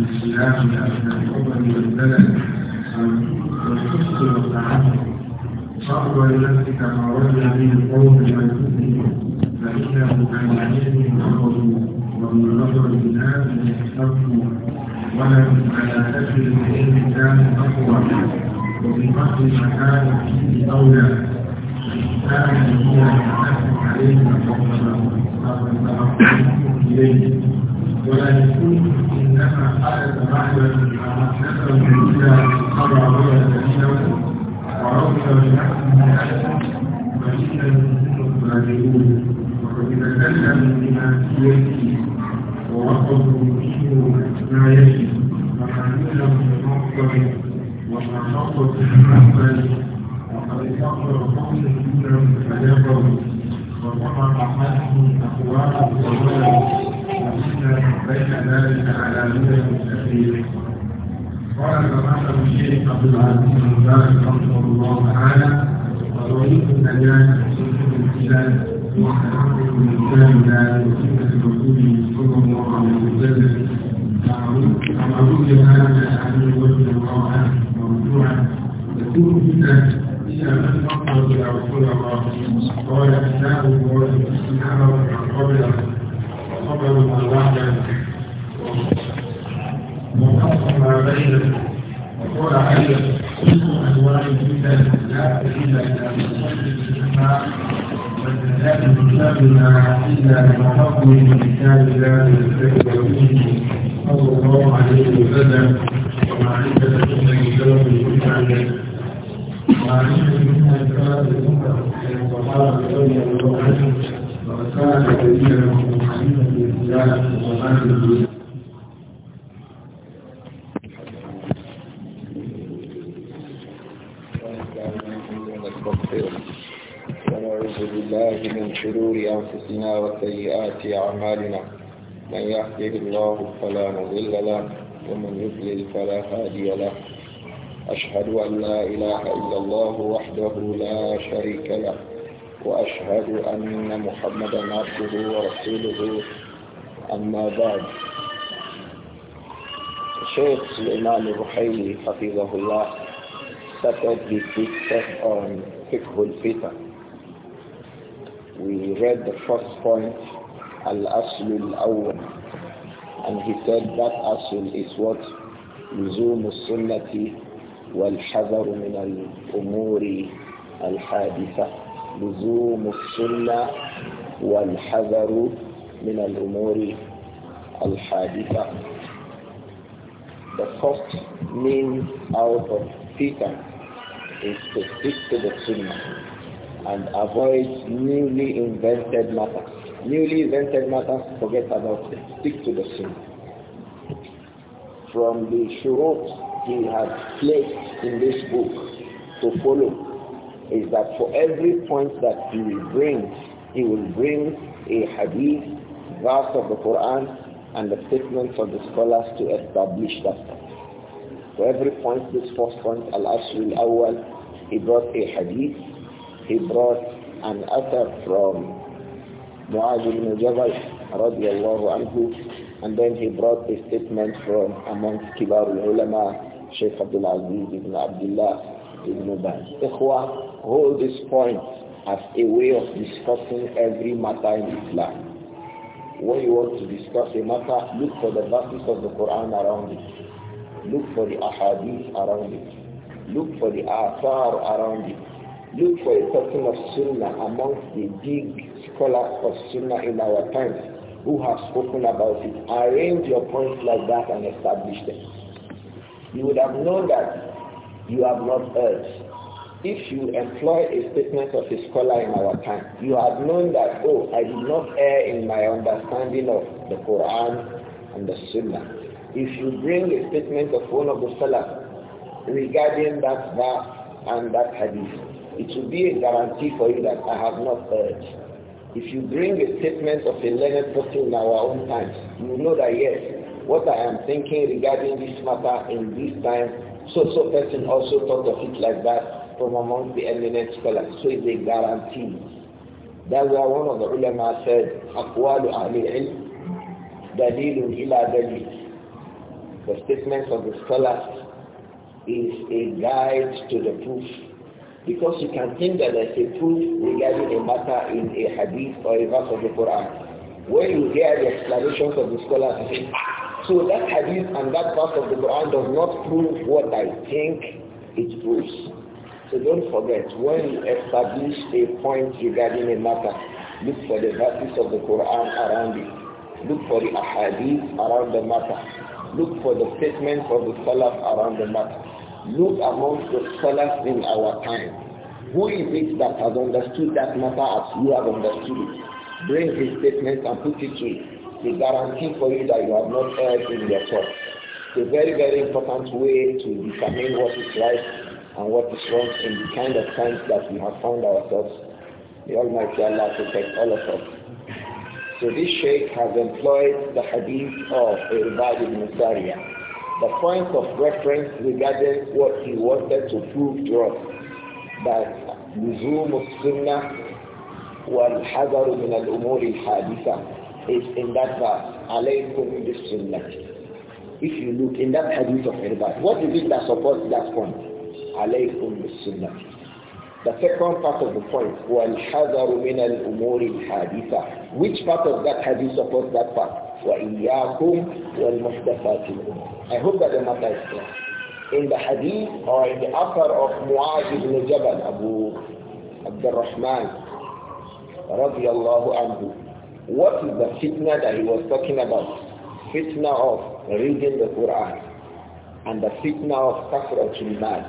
الإسلام لأن الأمم والبلد والحفظ والتعامل صعب الذي تخرج به القوم والكفر فإنه عن علم نظر ومن نظر الناس يستقم ولهم على أجل العلم كان أقوى وبفقد مكان فيه أولى كان هو عليه وقد تركتم إليه ولا يكون إنما حدث رحلا نفر جديدا قرع ولا جديدا ورفض بنفسه أشد فإن الراجعون وقد تكلم بما في يده ورفضوا منه ما يجب وحمله المقبل وتخطط المقبل وقد فقر قوله منهم فجبروا وطبق عنه أقواله وولده وانفسنا بين ذلك على هدى مستقيم قال سماحه الشيخ عبد العزيز رحمه الله تعالى وطريق النجاه سنه الابتلاء وحرمه الانسان لا وسنه الرسول صلى الله عليه وسلم معروف هذا عن وجه الله موضوعا تكون فتنه إلى من نقض إلى رسول الله قال كتاب الله إنما قبله تفضلوا الوحدة وقص ما بينكم وقول علي كلكم أنواع جدا لا إلا الأسماء والزكاة كتابنا إلا بحكم كتاب الله الذي صلى الله عليه وسلم ومعرفة سنة كتاب الكتاب ومعرفة سنة كتاب الأمة وقال بقول الله وقد كان دليلا وحديثا بالاسلام ومات الدنيا ونعوذ بالله من شرور انفسنا وسيئات اعمالنا من يهده الله فلا مضل له ومن يضلل فلا هادي له أشهد أن لا إله إلا الله وحده لا شريك له وأشهد أن محمدا عبده ورسوله أما بعد Sheikh الرحيلي حفظه الله started the discussion on فقه الفتن We read the first point, الأصل الأول and he said that أصل is what لزوم السنة والحذر من الأمور الحادثة لزوم السنة والحذر من الأمور الحادثة The first means out of fitan is to stick to the sunnah and avoid newly invented matters. Newly invented matters, forget about it. Stick to the sunnah. From the shurut he has placed in this book to follow is that for every point that he will bring, he will bring a hadith, verse of the Quran, and the statements of the scholars to establish that point. For every point, this first point, Al-Asr al-Awwal, he brought a hadith, he brought an author from Mu'adh ibn Jabal, radiallahu anhu, and then he brought a statement from amongst Kibar al-Ulama, Sheikh Abdul Aziz ibn Abdullah, Ibn Baz. Ikhwa, hold this point as a way of discussing every matter in Islam. When you want to discuss a matter, look for the verses of the Quran around it. Look for the ahadith around it. Look for the athar around it. Look for a person of sunnah amongst the big scholars of sunnah in our times who have spoken about it. Arrange your points like that and establish them. You would have known that you have not heard. If you employ a statement of a scholar in our time, you have known that, oh, I did not err in my understanding of the Quran and the Sunnah. If you bring a statement of one of the scholars regarding that verse and that hadith, it will be a guarantee for you that I have not heard. If you bring a statement of a learned person in our own times, you know that yes, what I am thinking regarding this matter in this time so-so person also thought of it like that from among the eminent scholars. So it's a guarantee. That's why one of the ulama said, أقوال أهل العلم دليل The statements of the scholars is a guide to the proof. Because you can think that there's a proof regarding a matter in a hadith or a verse of the Quran. When you hear the explanations of the scholars, you say, ah, so that hadith and that verse of the Quran does not prove what I think it proves. So don't forget, when you establish a point regarding a matter, look for the verses of the Quran around it. Look for the ahadith around the matter. Look for the statements of the scholars around the matter. Look amongst the scholars in our time. Who is it that has understood that matter as you have understood it? Bring his statements and put it to it the guarantee for you that you have not erred in your thought. It's a very, very important way to determine what is right and what is wrong in the kind of times that we have found ourselves. The Almighty Allah protect all of us. So this sheikh has employed the hadith of a ibn Sariya, the point of reference regarding what he wanted to prove to us, that Nuzum al-Sunnah wal-Hazar min al-Umur al haditha is in that verse, alaykum sunnah If you look in that hadith of Irbad, what is it that supports that point? Alaykum sunnah The second part of the point, وَالْحَذَرُ مِنَ الْأُمُورِ الْحَادِثَةِ Which part of that hadith supports that part? وَإِيَّاكُمْ وَالْمُحْدَثَاتِ الْأُمُورِ I hope that the matter is clear. In the hadith or in the author of Mu'adh ibn Jabal, Abu Abdurrahman, رضي الله عنه, what is the fitna that he was talking about? Fitna of reading the Quran and the fitna of kafratul mal.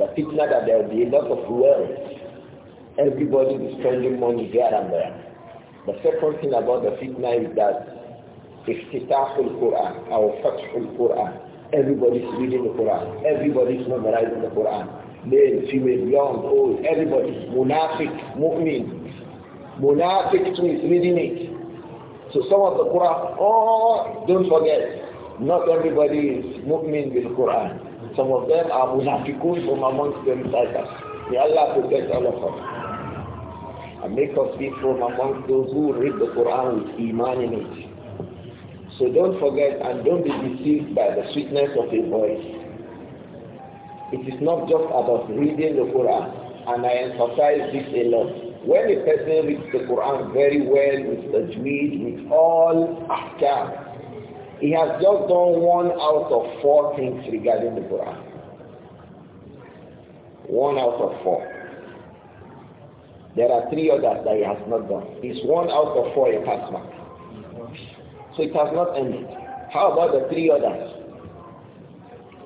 The fitna that there will be a lot of wealth. Everybody is spending money here and there. The second thing about the fitna is that iftitahul Quran or fathul Quran. Everybody is reading the Quran. Everybody is memorizing the Quran Men, female, young, old, everybody. Munafiq, mu'min. Munafiq too is reading it. So some of the Quran, oh, don't forget, not everybody is mu'min the Quran. Some of them are munafiqun from amongst us. May Allah protect all of us. And make us be from amongst those who read the Quran with Iman in it. So don't forget and don't be deceived by the sweetness of a voice. It is not just about reading the Quran, and I emphasize this a lot. When a person reads the Quran very well, with tajweed, with all ahkam, he has just done one out of four things regarding the Quran. One out of four. There are three others that he has not done. It's one out of four a pass mark. So it has not ended. How about the three others?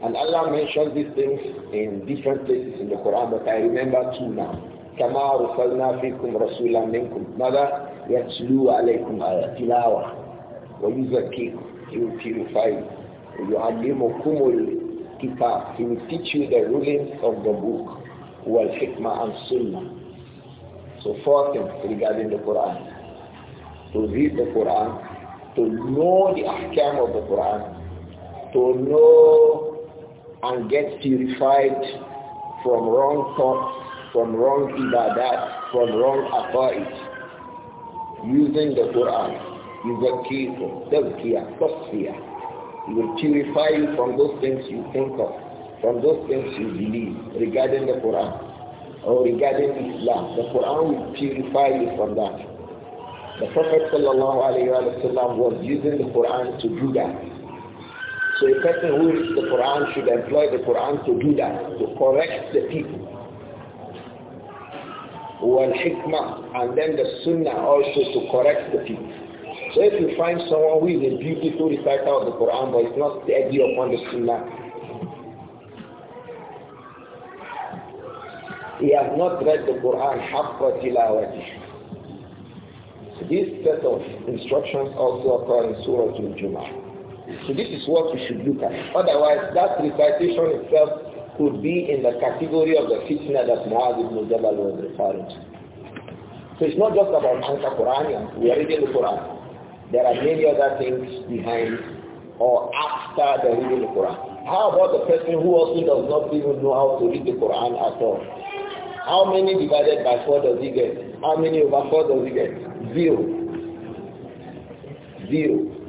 And Allah mentions these things in different places in the Quran, but I remember two now. كما رسلنا فيكم رسولا منكم ماذا يتلو عليكم آيات تلاوة ويزكيكم he will purify you ويعلمكم الكتاب he will teach you the rulings of the book والحكمة and sunnah so four things regarding the Quran to read the Quran to know the ahkam of the Quran to know and get purified from wrong thoughts from wrong ibadat, from wrong advice. Using the Quran, you will keep tazkiyah, tasfiyah. It will purify you from those things you think of, from those things you believe regarding the Quran or regarding Islam. The Quran will purify you from that. The Prophet wasallam was using the Quran to do that. So a person who reads the Quran should employ the Quran to do that, to correct the people wal-hikmah, and then the sunnah also to correct the people. So if you find someone who is a beautiful reciter of the Quran, but is not steady upon the sunnah, he has not read the Quran haqqa tilawati. So this set of instructions also occur in Surah Al-Jumu'ah. So this is what we should look at. Otherwise, that recitation itself could be in the category of the fitna that Muaz ibn Jabal was referring to. So it's not just about Anka Quran, we are reading the Quran. There are many other things behind or after the reading the Quran. How about the person who also does not even know how to read the Quran at all? How many divided by four does he get? How many over four does he get? Zero. Zero.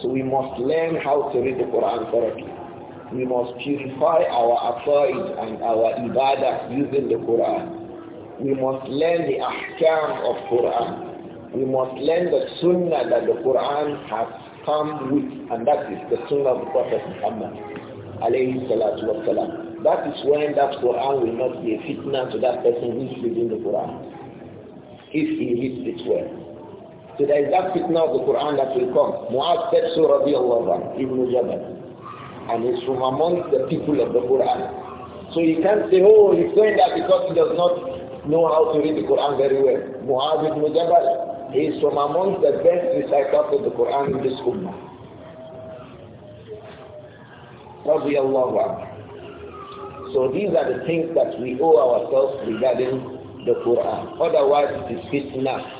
So we must learn how to read the Quran correctly we must purify our affairs and our ibadah using the Quran. We must learn the ahkam of Quran. We must learn the sunnah that the Quran has come with, and that is the sunnah of the Prophet Muhammad alayhi salatu wasalam. That is when that Quran will not be a fitna to that person who is reading the Quran, if he reads it well. So there is that fitna of the Quran that will come. Mu'adh said so, Allah, Ibn Jabal and he's from among the people of the Quran. So you can't say, oh, he's saying that because he does not know how to read the Quran very well. Muhammad ibn Jabal, he is from among the best reciters of the Quran in this Ummah. So these are the things that we owe ourselves regarding the Quran. Otherwise it is fitnah.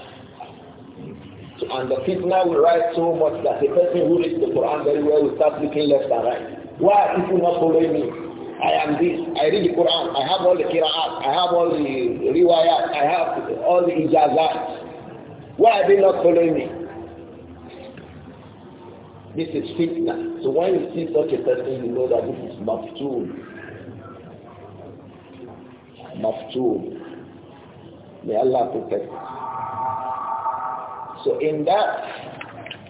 So, and the fitna will rise so much that a person who reads the Quran very well will start looking left and right. Why are people not following me? I am this. I read the Quran. I have all the kiraat. I have all the riwayat. I have all the ijazat. Why are they not following me? This is fitna. So when you see such a person, you know that this is maftool. Maftool. May Allah protect us. So in that,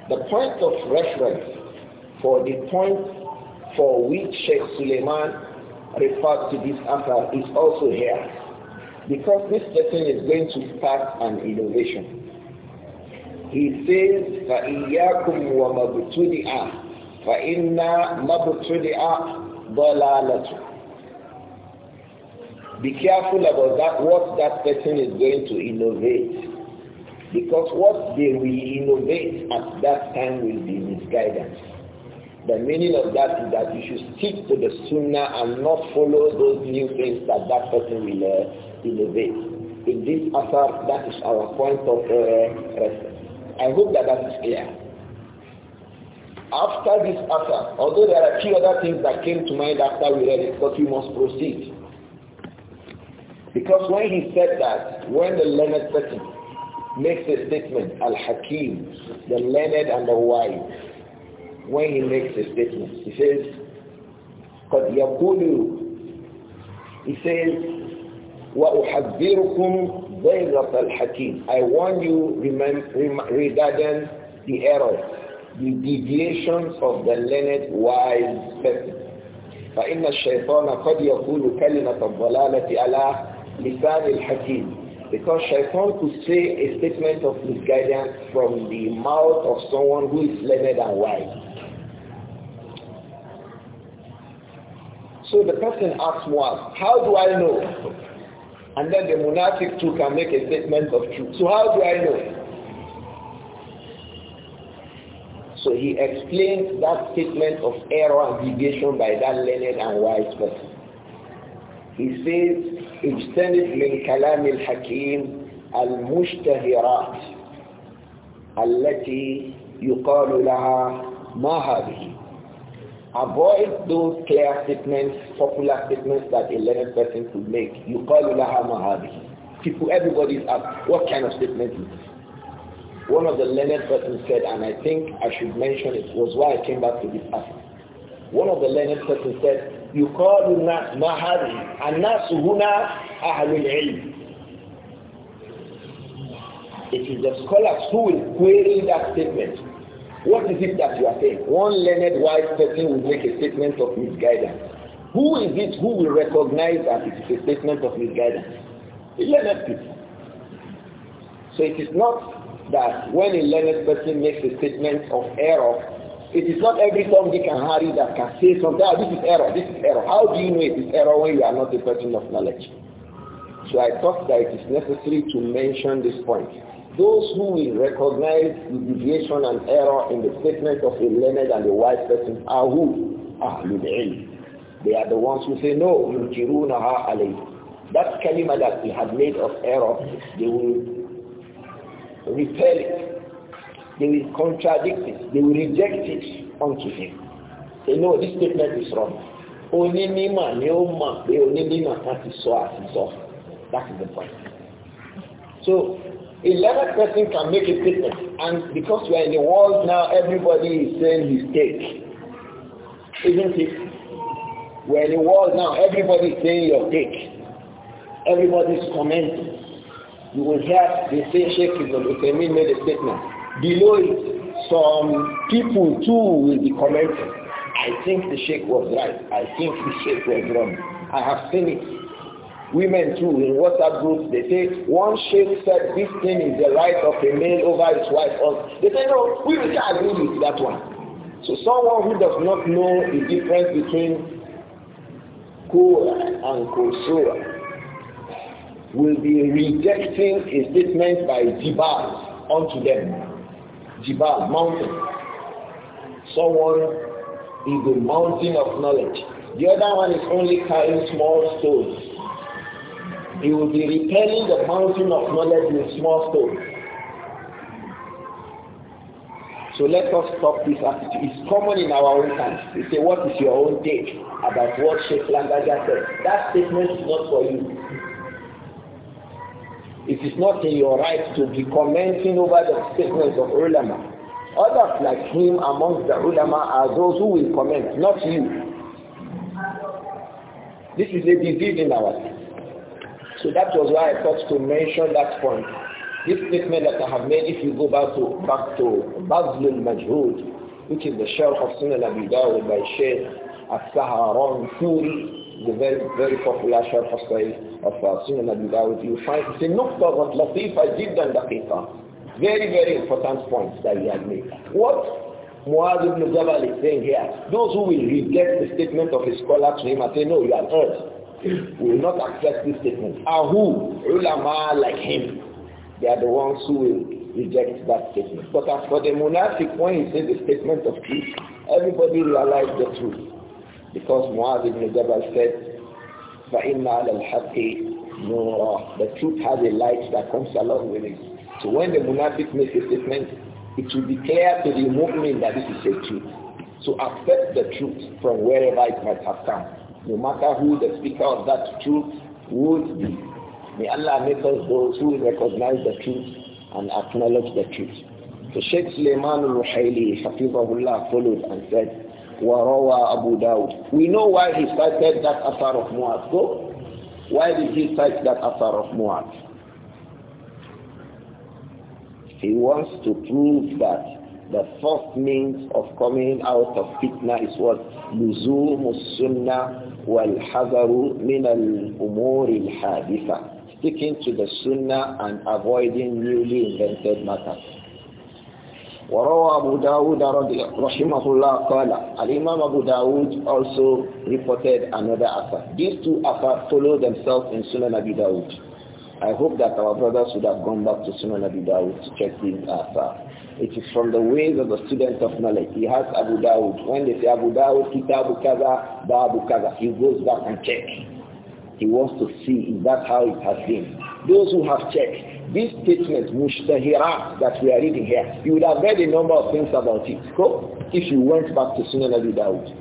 the point of reference for the point for which Sheikh Suleiman referred to this affair is also here. Because this person is going to start an innovation. He says, فَإِيَّاكُمْ وَمَبْتُدِئَ فَإِنَّ مَبْتُدِئَ ضَلَالَةٌ Be careful about that, what that person is going to innovate. Because what they will innovate at that time will be misguidance. The meaning of that is that you should stick to the sunnah and not follow those new things that that person will uh, innovate. In this asar, that is our point of uh, reference. I hope that that is clear. After this asar, although there are a few other things that came to mind after we read it, but we must proceed. Because when he said that, when the learned person makes a statement, Al-Hakim, the learned and the wise, when he makes a statement. He says, قد يقول He says, وأحذركم ضيغة الحكيم I want you regarding the errors, the deviations of the learned wise person. فإن الشيطان قد يقول كلمة الضلالة على لسان الحكيم because shaitan could say a statement of misguidance from the mouth of someone who is learned and wise. So the person asks one, how do I know? And then the monastic too can make a statement of truth. So how do I know? So he explains that statement of error and deviation by that learned and wise person. He says, اجتنب من كلام الحكيم المشتهرات التي يقال لها ما هذه Avoid those clear statements, popular statements that a learned person could make. You call laha mahabi. People, everybody is asked, what kind of statement is this? One of the learned persons said, and I think I should mention it, was why I came back to this topic. One of the learned persons said, you call mahabi, and nasu huna ahlul ilm. It is the scholars who will query that statement. What is it that you are saying? One learned wise person will make a statement of misguidance. Who is it who will recognize that it is a statement of misguidance? The learned people. So it is not that when a learned person makes a statement of error, it is not every Tom, Dick, and Harry that can say something, oh, this is error, this is error. How do you know it is error when you are not a person of knowledge? So I thought that it is necessary to mention this point. Those who will recognize the deviation and error in the statement of a learned and a wise person are who? Ahlul Ilm. They are the ones who say, no, yunkirunaha alayhi. That kalima that he have made of error, they will repel it. They will contradict it. They will reject it unto him. They know this statement is wrong. Onímọ̀ ni ó mọ̀ pé that is ti sọ is sọ. That is the point. So 11 person can make a statement and because we are in the world now everybody is saying his take isn't it we are in the world now everybody is saying your take everybody is commenting you will hear the same sheikh ibn Uthaymeen made a statement below it some people too will be commenting I think the sheikh was right I think the sheikh was wrong I have seen it Women too, in WhatsApp groups, they say, one sheikh said this thing is the right of a male over his wife. They say, no, we will agree with that one. So someone who does not know the difference between Korah and Kosora will be rejecting a statement by Jibal unto them. Jibal, mountain. Someone is a mountain of knowledge. The other one is only carrying small stones he will be repelling the mountain of knowledge with small stones. So let us stop this attitude. It's common in our own times. We say, what is your own take about what Sheikh Langaja said? That statement is not for you. It is not in your right to be commenting over the statements of ulama. Others like him amongst the ulama are those who will comment, not you. This is a disease in our time. So that was why I thought to mention that point. This statement that I have made, if you go back to back to Bazlul Majhud, which is the scholar of Sunan Abi Dawud by Sheikh As-Saharan Furi, the very, very popular scholar of, of uh, Sunan Abi Dawud, you find it's a nukta but latifa jiddan daqiqa. Very, very important points that he had made. What Muaz ibn Jabal is saying here, those who will reject the statement of his scholar to him and say, no, you are erred will not accept this statement. And who? Ulama like him. They are the ones who will reject that statement. But as for the monastic when he says the statement of truth, everybody realized the truth. Because Muaz ibn Jabal said, فَإِنَّ الْحَقِّ نُورًا The truth has a light that comes along with it. So when the monastic makes a statement, it will be clear to the movement that this is a truth. So accept the truth from wherever it might have come no matter who the speaker of that truth would be. May Allah make us those who recognize the truth and acknowledge the truth. So Sheikh Sulaiman al-Ruhaili, Hafizahullah, followed and said, Warawa Abu Dawud. We know why he cited that Asar of Mu'ad. Why did he cite that Asar of Mu'ad? He wants to prove that the first means of coming out of fitna is what? Luzum sunnah والحذر من الأمور الحادثة sticking to the sunnah and avoiding newly invented matters وروى أبو داود رحمه الله قال الإمام أبو داود also reported another affair these two affair follow themselves in Sunnah Abi Dawud I hope that our brothers would have gone back to Sunan Abu Dawud to check his after. It is from the ways of the student of knowledge. He has Abu Dawud. When they say Abu Dawud, Kitabu Kaza, Babu Kaza, he goes back and checks. He wants to see is that how it has been. Those who have checked, this statement, Mushtahirat, that we are reading here, you would have read a number of things about it. Go, if you went back to Sunan Abu Dawud.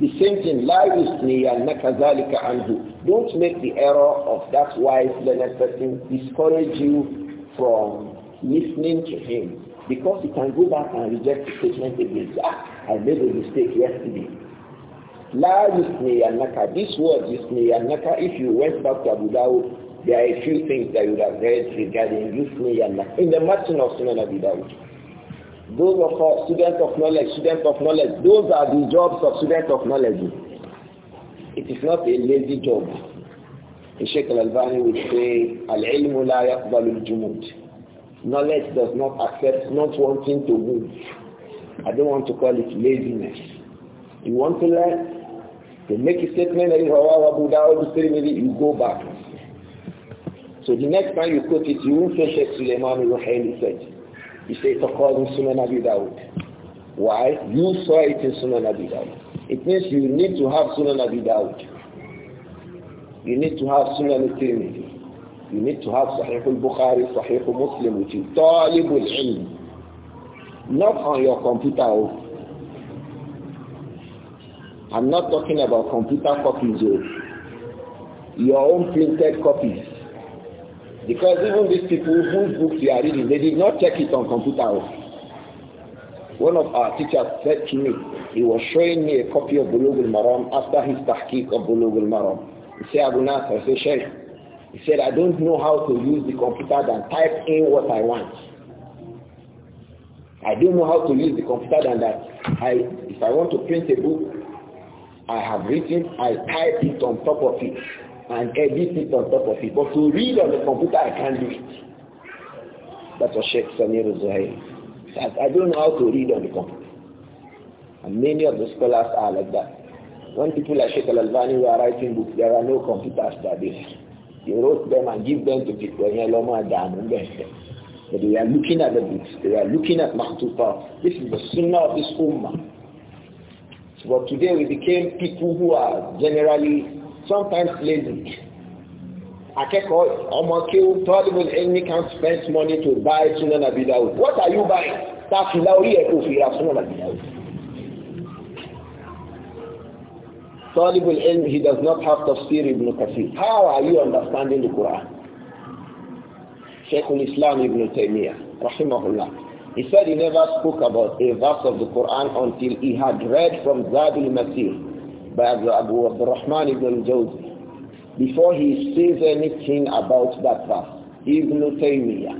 The same thing, la and zalika anhu. Don't make the error of that wise learned person discourage you from listening to him. Because he can go back and reject the statement again. Ah, I made a mistake yesterday. La yusniyannaka. This word yusniyannaka, if you went back to Abu Dawud, there are a few things that you would have read regarding Yusni Yannaka in the Martin of Sunan Abu Dawud. Those of us, students of knowledge, students of knowledge, those are the jobs of students of knowledge. It is not a lazy job. Sheikh Al-Albani would say, Al-ilmu la yaqbalu al-jumud. Knowledge does not accept not wanting to move. I don't want to call it laziness. You want to learn? They make a statement that Abu Dawud Tirmidhi, you go back. So the next time you quote it, you won't say Sheikh Suleiman al-Ruhaili said. You say Taqad Sunan Abi Dawud. Why? You saw it in Sunan Abi Dawud. It means you need to have Sunan Abi Dawud. You need to have Sunan al-Tirmidhi. You need to have Sahih al-Bukhari, Sahih al-Muslim, which is Talib al-Ilm. Not on your computer. Oh. I'm not talking about computer copies. Oh. Your own printed copies because even these people whose books they are reading, they did not check it on computer. One of our teachers said to me, he was showing me a copy of Bulugh al-Maram after his tahqiq of Bulugh maram He said, Abu Nasser, I said, Sheikh, he said, I don't know how to use the computer than type in what I want. I don't know how to use the computer than that. I, if I want to print a book, I have written, I type it on top of it and edit it on top of it. But to read on the computer, I can't do it. That's what Sheikh Samir Zuhair. I don't know how to read on the computer. And many of the scholars are like that. When people like Sheikh Al-Albani were writing books, there are no computers that they, they wrote them and give them to people. they are looking at the books. They are looking at Mahtufa. This is the sunnah of this ummah. But today we became people who are generally sometimes lazy. Akẹ́kọ̀ọ́ ọmọ kí ó tọ́lùmù any can spend money to buy Sunan Abidawo. What are you buying? Ta fìlà orí ẹ̀ kò fìlà Sunan Abidawo. Tọ́lùmù he does not have tafsir Ibn Kathir. How are you understanding the Quran? Sheikhul Islam Ibn Taymiyyah, rahimahullah. He said he never spoke about a verse of the Quran until he had read from Zadul Masih, by Abu Abdurrahman ibn jawzi before he says anything about that verse. Ibn Taymiyyah.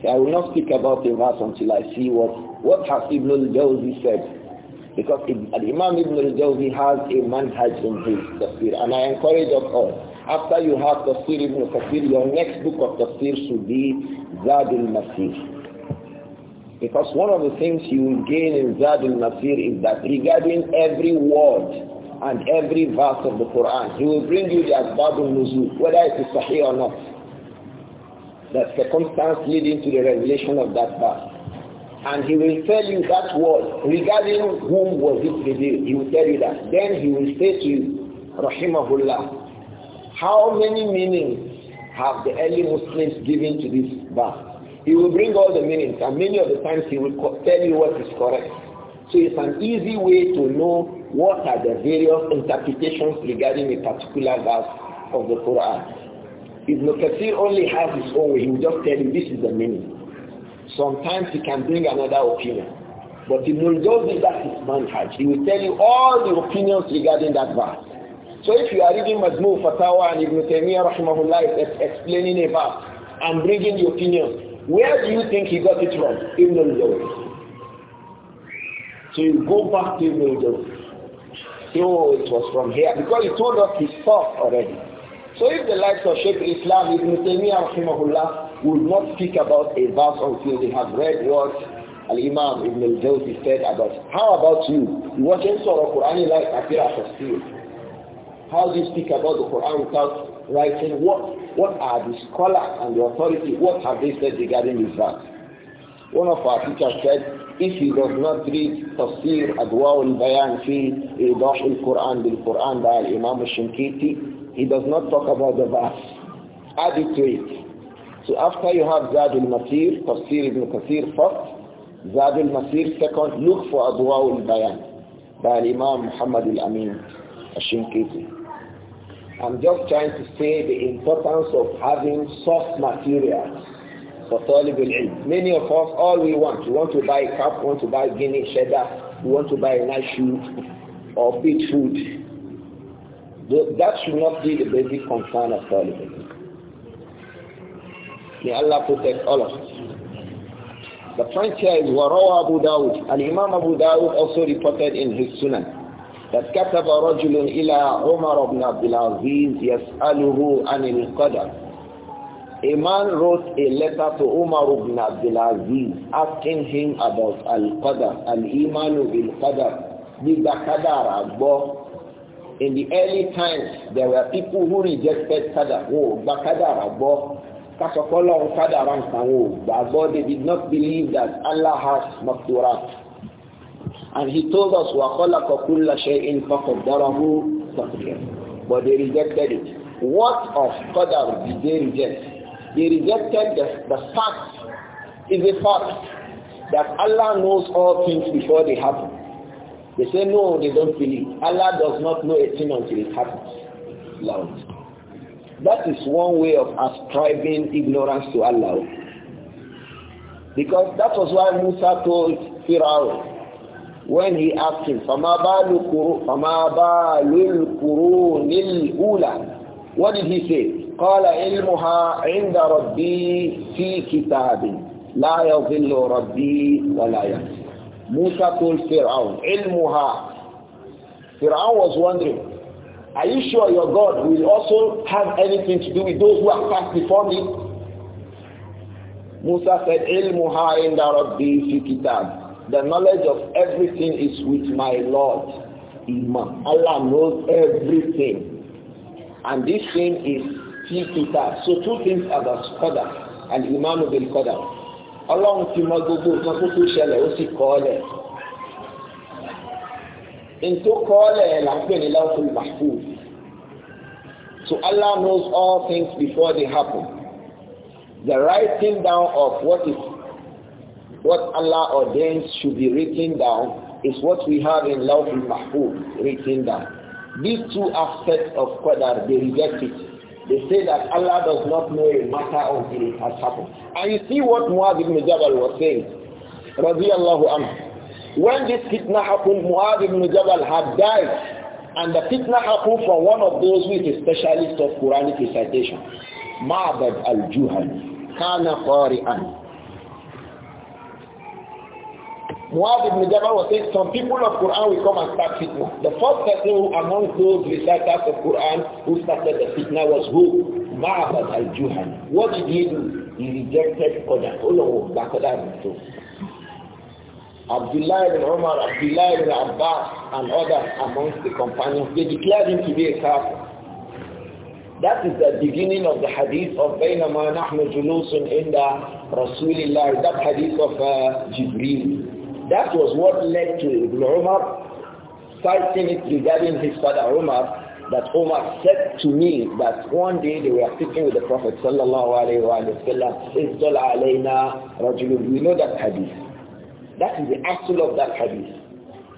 So I will not speak about the verse until I see what, what has Ibn al-Jawzi said. Because Imam Ibn al-Jawzi has a manhaj in his tafsir. And I encourage us all, after you have tafsir Ibn Kathir, your next book of tafsir should be Zad al-Masir. Because one of the things you will gain in Zadul Nasir is that regarding every word and every verse of the Quran, he will bring you the Asbabul Nuzul, whether it is Sahih or not. The circumstance leading to the revelation of that verse. And he will tell you that word, regarding whom was it revealed, he will tell you that. Then he will say to you, Rahimahullah, how many meanings have the early Muslims given to this verse? He will bring all the meanings and many of the times he will tell you what is correct. So it's an easy way to know what are the various interpretations regarding a particular verse of the Quran. Ibn Kathir only has his own way. He will just tell you this is the meaning. Sometimes he can bring another opinion. But Ibn Jawzi, his manhaj. He will tell you all the opinions regarding that verse. So if you are reading Majmu Fatawa and Ibn Taymiyyah rahimahullah is explaining a verse and bringing the opinions, where do you think he got it from? In the Lord. So you go back to the Lord. So it was from here because he told us his thought already. So if the likes of Sheikh Islam, Ibn Taymiyyah, rahimahullah, would not speak about a verse until they have read what Al-Imam Ibn al-Jawzi said about How about you? You watch sort of Qur'an like Akira Tafsir. How do you speak about the Quran without writing what, what are the scholars and the authority, what have they said regarding this verse? One of our teachers said, if he does not read Tafsir Adwa bayan fi Idah al-Quran bil-Quran by Imam shinkiti he does not talk about the verse. Add it to it. So after you have Zad al-Masir, Tafsir ibn Kathir first, Zad al-Masir second, look for adwaul bayan by Imam Muhammad al-Amin al-Shinkiti. I'm just trying to say the importance of having soft materials for soluble Many of us, all we want, we want to buy a cup, we want to buy guinea cheddar, we want to buy a nice shoe or beach food. That should not be the basic concern of soluble May Allah protect all of us. The point here is Warawa Abu Dawud. And Imam Abu Dawud also reported in his Sunan that رجل إلى عمر بن عبد العزيز يسأله عن القدر A man wrote a letter to Umar ibn Abdul Aziz asking him about Al-Qadr, Al-Iman bil-Qadr, Bidakadar Agbo. In the early times, there were people who rejected Qadr, the Bakadar Agbo. Kasokola on Qadr and Sanwo, Agbo, they did not believe that Allah has Makturat. And he told us, وَخَلَقَ كُلَّ Shayin فَقَدَّرَهُ تَقْدِيرًا But they rejected it. What of Qadar did they reject? They rejected the, the fact, is a fact, that Allah knows all things before they happen. They say, no, they don't believe. Allah does not know a thing until it happens. Loud. That is one way of ascribing ignorance to Allah. Because that was why Musa told Pharaoh, when he asked him, فَمَا بَالُ الْقُرُونِ الْأُولَى What did he say? قَالَ عِلْمُهَا عِنْدَ رَبِّي فِي كِتَابٍ لَا يَظِلُّ رَبِّي وَلَا يَنْسِ Musa told Fir'aun, عِلْمُهَا Fir'aun was wondering, are you sure your God will also have anything to do with those who have passed before me? Musa said, عِلْمُهَا عِنْدَ رَبِّي فِي كِتَابٍ The knowledge of everything is with my Lord. Imam. Allah knows everything. And this thing is to that. So two things about Qadar and Imam bil Qadar. Ọlọ́run ti mọ gbogbo nǹkan tó tó ṣẹlẹ̀ ó sì kọ́ ọ lẹ̀. Ntó kọ́ ọ lẹ̀ là ń pè ní Lawful Mahfuz. So Allah knows all things before they happen. The writing down of what is what Allah ordains should be written down is what we have in Lawf al mahfouz written down. These two aspects of Qadar, they reject it. They say that Allah does not know a matter until it has happened. And you see what Muad ibn Jabal was saying, radiallahu anhu. When this fitna happened, Muad ibn Jabal had died. And the fitna happened from one of those who is a specialist of Quranic recitation. Ma'bad al-Juhani, kana qari'an. Muad ibn Jabal was saying some people of Quran will come and start fitna. The first person who among those reciters of Quran who started the fitna was who? Ma'abad al-Juhani. What did he do? He rejected Qadar. Allah Qadar himself. Abdullah ibn Umar, Abdullah ibn Abbas and others amongst the companions, they declared him to be a kafir. That is the beginning of the hadith of بينما نحن جلوس عند رسول الله. That hadith of uh, Jibreel. That was what led to Ibn Umar citing it regarding his father Umar that Umar said to me that one day they were sitting with the Prophet sallallahu alaihi wasallam. Izdal alayna rajulun. We know that hadith. That is the actual of that hadith.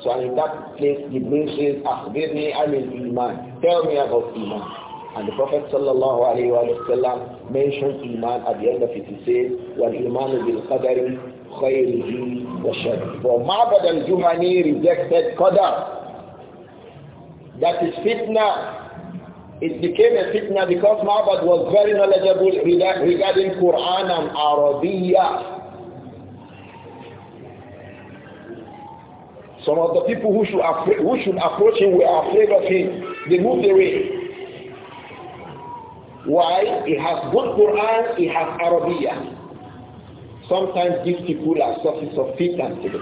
So in that place, the Ibn says, "Akhbirni anil iman." Tell me about iman. And the Prophet sallallahu alaihi wasallam mentioned iman at the end of it. He says, "Wal imanu bil qadari خيره وشره. For Ma'bad al-Juhani rejected Qadar. That is fitna. It became a fitna because Ma'bad was very knowledgeable regarding Quran and Arabiya. Some of the people who should, who should approach him were afraid of him. They moved away. Why? He has good Quran, he has Arabiya sometimes these people are sources of fitna to the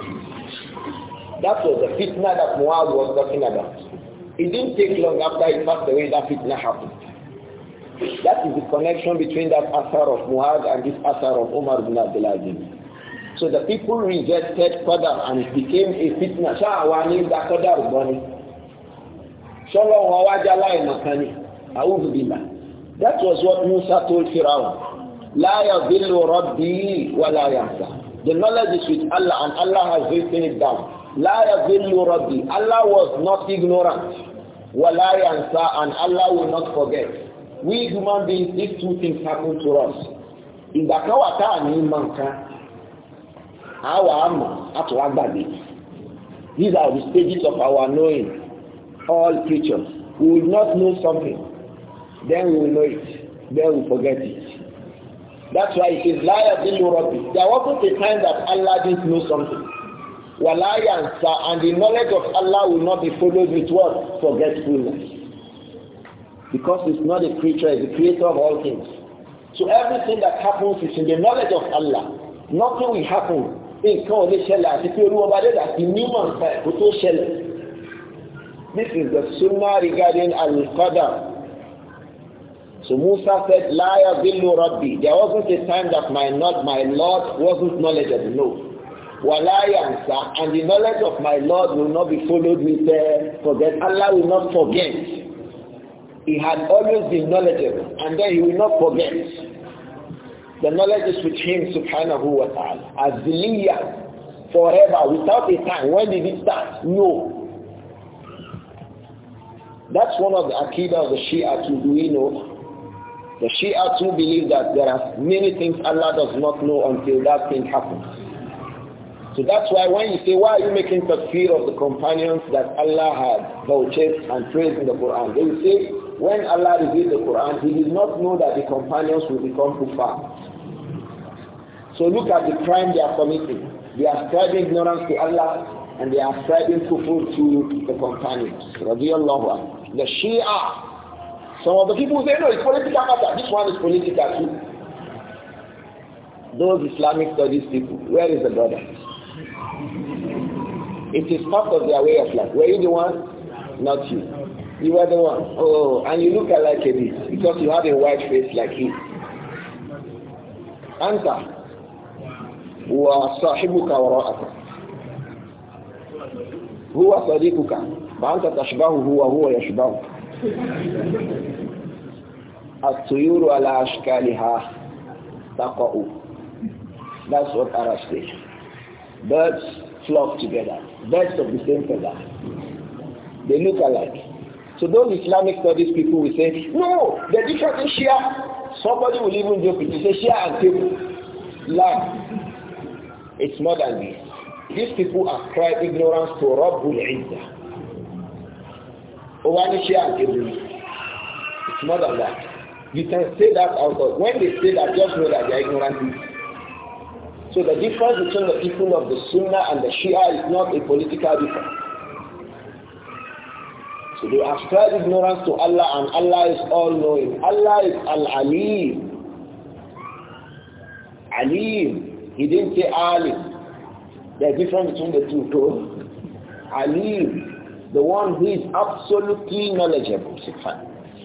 That was the fitna that Muaz was talking about. It didn't take long after he passed away that fitna happened. That is the connection between that Asar of Muaz and this Asar of Umar bin Abdul Aziz. So the people rejected Qadar and it became a fitna. Sha'awani da Qadar bani. Shalom wa wajala imakani. That was what Musa told Pharaoh. La yadhillu rabbi wa la The knowledge is with Allah and Allah has written it down. La yadhillu rabbi. Allah was not ignorant. Wa la yansa and Allah will not forget. We human beings, these two things happen to us. In kan wà tá à ní mọ nǹkan, a wà á mọ̀, a wa These are the stages of our knowing. All creatures. We will not know something, then we will know it, then we will forget it. That's why it is la in rabbi. There wasn't a time that Allah didn't know something. Wala yansa, and the knowledge of Allah will not be followed with what? Forgetfulness. Because it's not a creature, it's the creator of all things. So everything that happens is in the knowledge of Allah. Nothing will happen. In This is the sunnah regarding al-qadar. So Musa said, Liar Billu rabbi. There wasn't a time that my not my Lord wasn't knowledgeable. No. Wala yamsa. And the knowledge of my Lord will not be followed with uh, forget. Allah will not forget. He had always been knowledgeable. And then he will not forget. The knowledge is with him, subhanahu wa ta'ala. As Ziliya, forever, without a time. When did it start? No. That's one of the akida of the Shia to do, you know, the Shia too believe that there are many things Allah does not know until that thing happens. So that's why when you say, why are you making fear of the companions that Allah had vouchsafed and praised in the Quran? They will say, when Allah revealed the Quran, he did not know that the companions will become kuffar. So look at the crime they are committing. They are ascribing ignorance to Allah and they are ascribing kufr to the companions. The Shia some of the people say, no, it's political matter. This one is political too. Those Islamic studies people, where is the brother? It is part of their way of life. Were you the one? Not you. You were the one. Oh, and you look like a bit because you have a white face like him. Answer. وصاحبك وراءك هو صديقك فأنت تشبهه وهو يشبهك الطيور على أشكالها تقع That's what Arabs say. Birds flock together. Birds of the same feather. They look alike. So those Islamic studies people will say, no, the difference is Shia. Somebody will even joke it. You say Shia and people. Lamb. It's more than this. These people ascribe ignorance to Rabbul Izzah ó wá ní ṣé àgbèrè it's more than that you can say that also. when they say that just know that they are ignorant so the difference between the people of the sunnah and the shia is not a political difference so they ascribe ignorance to allah and allah is all knowing allah is al-alim alim he didn't say alim a difference between the two alim the one who is absolutely knowledgeable.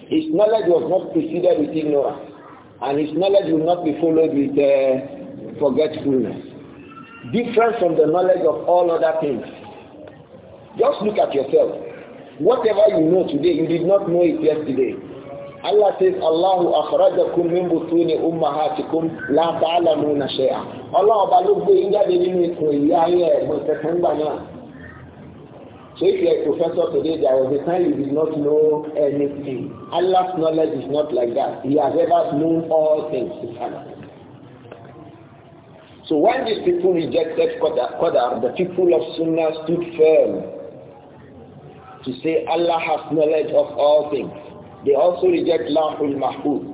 His knowledge was not preceded with ignorance, and his knowledge will not be followed with uh, forgetfulness. Different from the knowledge of all other things. Just look at yourself. Whatever you know today, you did not know it yesterday. Allah says, Allahu akhrajakum min butuni ummahatikum la ta'lamuna shay'a. Allah ba ló gbé yín jáde nínú ikùn ìyá ayé ẹ̀ mọ̀tẹ́kùn gbà náà. So if you're a professor today, there was a time you did not know anything. Allah's knowledge is not like that. He has ever known all things. So when these people rejected Qadar, Qadar, the people of Sunnah stood firm to say Allah has knowledge of all things. They also reject Lahul Mahfuz.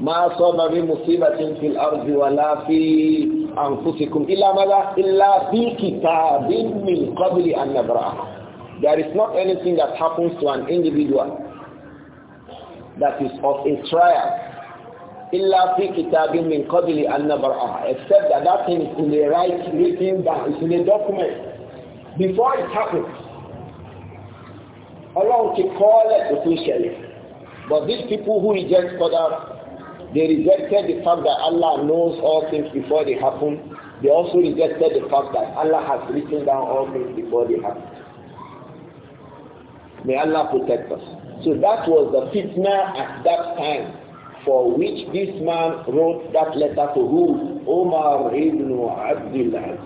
ما أصاب من مصيبة في الأرض ولا في أنفسكم إلا ماذا إلا في كتاب من قبل أن نبرأها There is not anything that happens to an individual that is of a trial إلا في كتاب من قبل أن نبرأها except that that thing is in the right written down it's in a document before it happens Allah will call it officially but these people who reject Qadar they rejected the fact that Allah knows all things before they happen. They also rejected the fact that Allah has written down all things before they happen. May Allah protect us. So that was the fitna at that time for which this man wrote that letter to who? Omar ibn Abdul Aziz.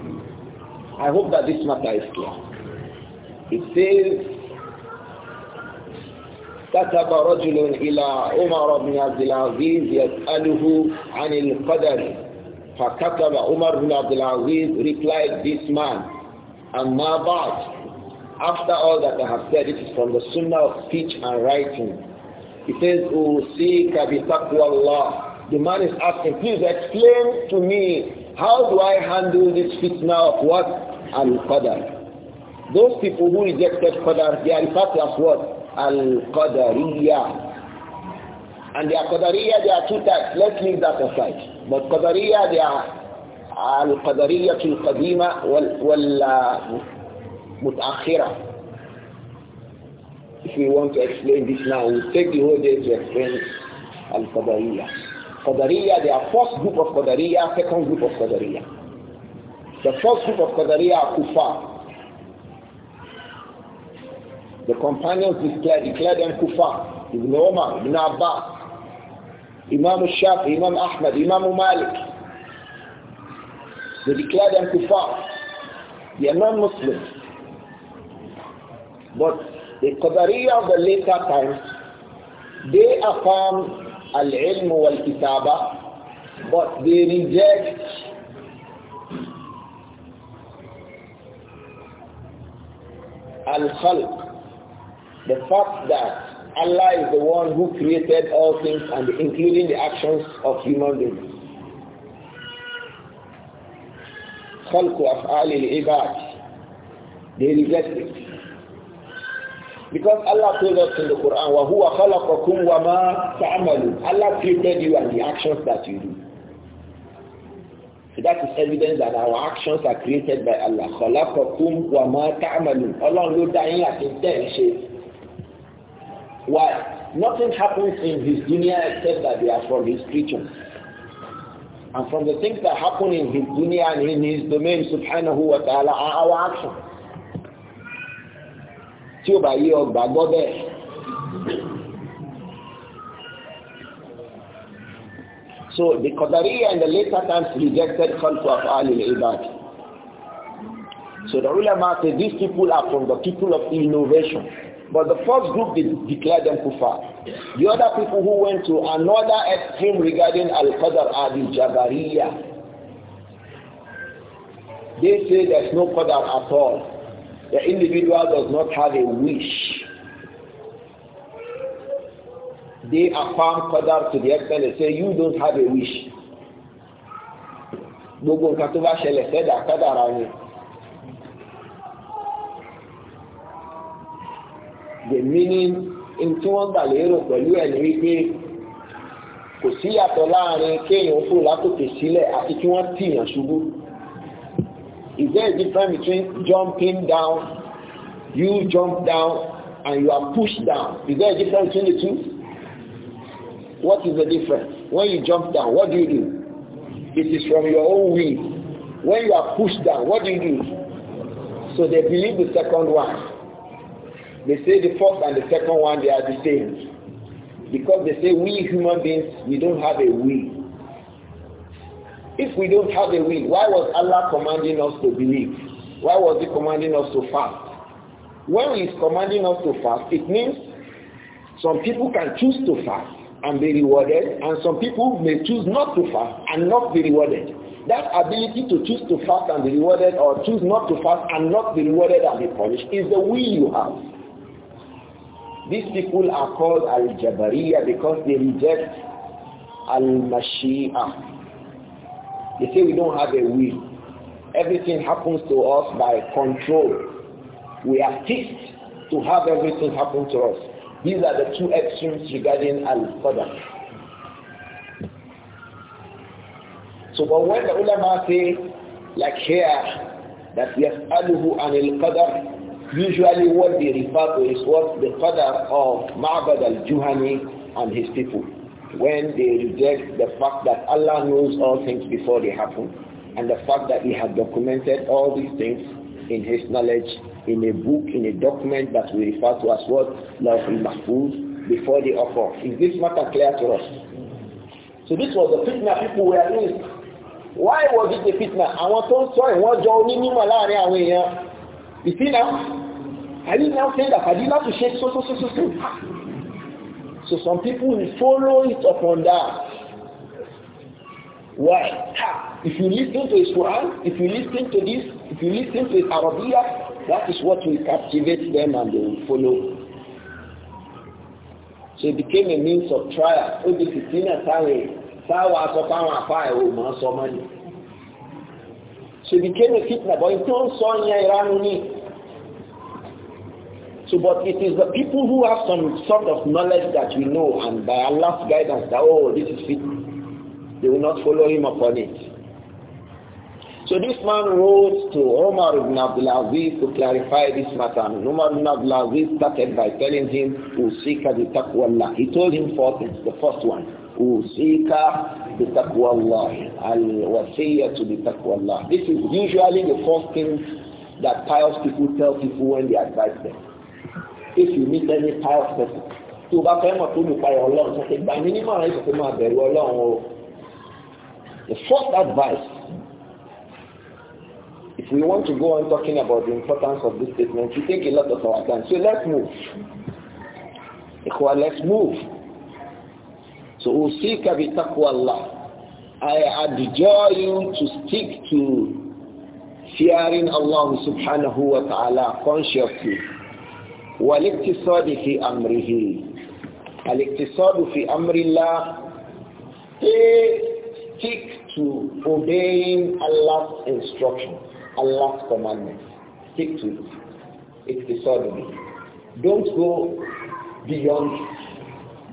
I hope that this matter is clear. It says كتب رجل إلى عمر بن عبد العزيز يسأله عن القدر فكتب عمر بن عبد العزيز replied this man أما بعد after all that I have said it is from the sunnah of speech and writing he says أوصيك بتقوى الله the man is asking please explain to me how do I handle this fitna of what? Al-Qadr those people who rejected Qadr they are referred to as what? al qadariya And the Qadariya, there are two types. Let's leave that aside. But Qadariya, they are القدرية Wal, والمتأخرة If we want to explain this now, we'll take the whole day to explain Al-Qadariya. Qadariya, there are first group of Qadariya, second group of Qadariya. The first group of Qadariya are Kufar. The companions declared, declared them kuffar. Ibn Umar, Ibn Abbas, Imam Shaf, Imam Ahmad, Imam Malik. They declared them kuffar. They are non-Muslims. But the Qadariya of the later times, they affirm al-ilm wal-kitaba, but they reject al-khalq, The fact that Allah is the one who created all things and including the actions of human beings. خلق أفعال العباد they reject it. Because Allah told us in the Quran, وَهُوَ خَلَقَكُمْ وَمَا تَعْمَلُونَ Allah created you and the actions that you do. So that is evidence that our actions are created by Allah. خَلَقَكُمْ وَمَا تَعْمَلُونَ Allah ló that yín àti tẹ́ ń Why? Nothing happens in his dunya except that they are from his creatures. And from the things that happen in his dunya and in his domain, subhanahu wa ta'ala, are our actions. Tí ó bá yé ọgbà So the Qadariya in the later times rejected Khalqu Af'al al-Ibad. So the ulama say these people are from the people of innovation. But the first group, declared them kufar. The other people who went to another extreme regarding Al-Qadr are the Jabariya. They say there's no Qadr at all. The individual does not have a wish. They affirm Qadr to the extent they say, you don't have a wish. Gbogbo nǹkan tó bá ṣẹlẹ̀ kádàrà ni. the meaning in tí wọ́n gbà lérò pẹ̀lú ẹ̀ ní wípé kò sí yàtọ̀ láàrin kéèyàn fò látòkè sílẹ̀ àti kí wọ́n tìyàn ṣubú is there a difference between jumping down you jump down and you are pushed down is there a difference between the two what is the difference when you jump down what do you do it is from your own will when you are pushed down what do you do so they believe the second one They say the first and the second one, they are the same. Because they say we human beings, we don't have a will. If we don't have a will, why was Allah commanding us to believe? Why was he commanding us to fast? When he is commanding us to fast, it means some people can choose to fast and be rewarded, and some people may choose not to fast and not be rewarded. That ability to choose to fast and be rewarded or choose not to fast and not be rewarded and be punished is the will you have. These people are called Al-Jabariya because they reject Al-Mashi'ah. They say we don't have a will. Everything happens to us by control. We are fixed to have everything happen to us. These are the two extremes regarding Al-Qadr. So but when the ulama say, like here, that and al القدر Usually what they refer to is what the father of Ma'bad al-Juhani and his people, when they reject the fact that Allah knows all things before they happen, and the fact that he had documented all these things in his knowledge in a book, in a document that we refer to as what? Lawful Mahfuz, before they offer. Is this matter clear to us? So this was the fitna people were in. Why was it the fitna? want tó ń sọ ìwọ́n jọ onímọ̀ láàrin You see now? Are you now saying that Fadila to shake so so so so so? So some people will follow it upon that. Why? If you listen to his Quran, if you listen to this, if you listen to his Arabiya, that is what will captivate them and they will follow. So it became a means of trial. Ó di fìtínà táwọn táwọn asọ́páwọn afá ẹ̀wò máa sọ mọ́ ni. So became a fitna. But it's not Sonia me. So but it is the people who have some sort of knowledge that we know and by Allah's guidance that oh this is fitna. They will not follow him upon it. So this man wrote to Omar ibn Abdul Aziz to clarify this matter. And Umar ibn Abdul Aziz started by telling him, to seek bi taqwa Allah. He told him four things. The first one, أوصيك بتقوى الله الوصية بتقوى Allah. This is usually the first thing that pious people tell people when they advise them. If you meet any pious person, tí bá fẹ́ mọ̀ tó nípa ẹ̀ ọlọ́run sọ pé gbà mí nímọ̀ rẹ̀ sọ pé máa bẹ̀rù ọlọ́run o. The first advice if we want to go on talking about the importance of this statement we take a lot of our time so let's move. Ikwa let's move. So usika bi Allah, I adjure you to stick to fearing Allah subhanahu wa ta'ala consciously. والاقتصاد في أمره الاقتصاد في أمر الله stick to obeying Allah's instruction Allah's commandments stick to it اقتصاد به don't go beyond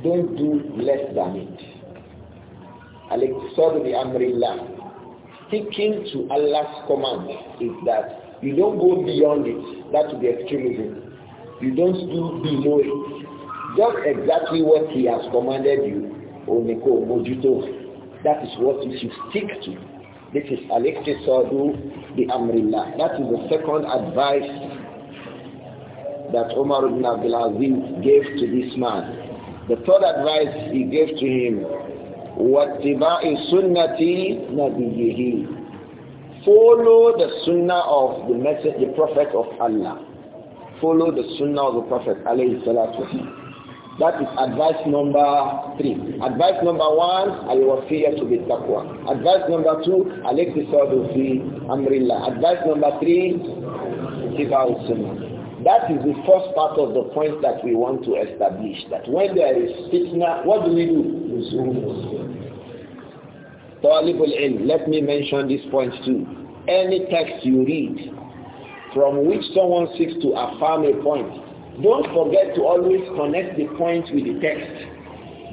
don't do less than it. Al-Iqtisad Amrillah. Sticking to Allah's command is that you don't go beyond it. That would be extremism. You don't do below it. Just exactly what He has commanded you, Oneko Mojuto. That is what you should stick to. This is Al-Iqtisad bi Amrillah. That is the second advice that Umar ibn Abdul Aziz gave to this man the third advice he gave to him, وَاتِّبَاءِ سُنَّةِ نَبِيِّهِ Follow the sunnah of the message, the prophet of Allah. Follow the sunnah of the prophet, alayhi salatu That is advice number three. Advice number one, al-wafiyya to be taqwa. Advice number two, al-iqtisadu fi amrillah. Advice number three, tiba'u sunnah. That is the first part of the point that we want to establish. That when there is fitna, what do we do? Let me mention this point too. Any text you read from which someone seeks to affirm a point, don't forget to always connect the point with the text.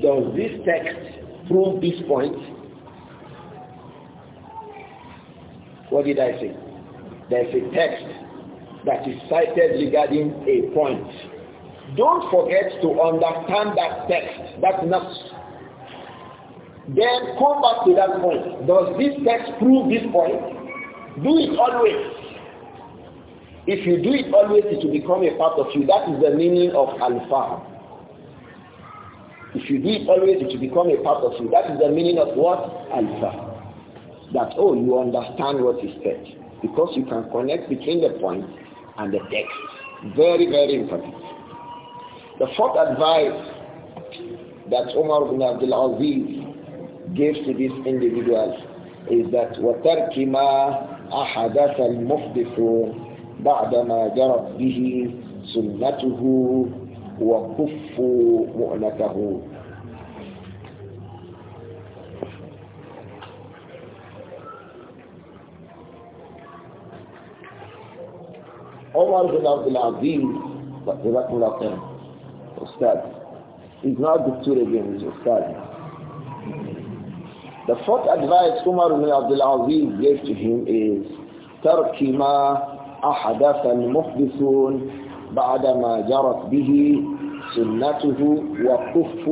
Does this text prove this point? What did I say? There's a text that is cited regarding a point. Don't forget to understand that text, that not. Then come back to that point. Does this text prove this point? Do it always. If you do it always, it will become a part of you. That is the meaning of alpha. If you do it always, it will become a part of you. That is the meaning of what? Alpha. That, oh, you understand what is said. Because you can connect between the points and the text. Very, very important. The fourth advice that Umar ibn Abdul Aziz gives to these individuals is that وَتَرْكِ مَا أَحَدَثَ الْمُحْدِثُ بَعْدَمَا جَرَتْ بِهِ سُنَّتُهُ وَكُفُّ مُؤْنَتَهُ Omar bin Abdul Aziz, but the Rakhmullah Ustad. He's not the two again, he's Ustad. The fourth advice Umar bin Abdul Aziz gave to him is ترك ما أحدث المحدثون بعد ما جرت به سنته وكف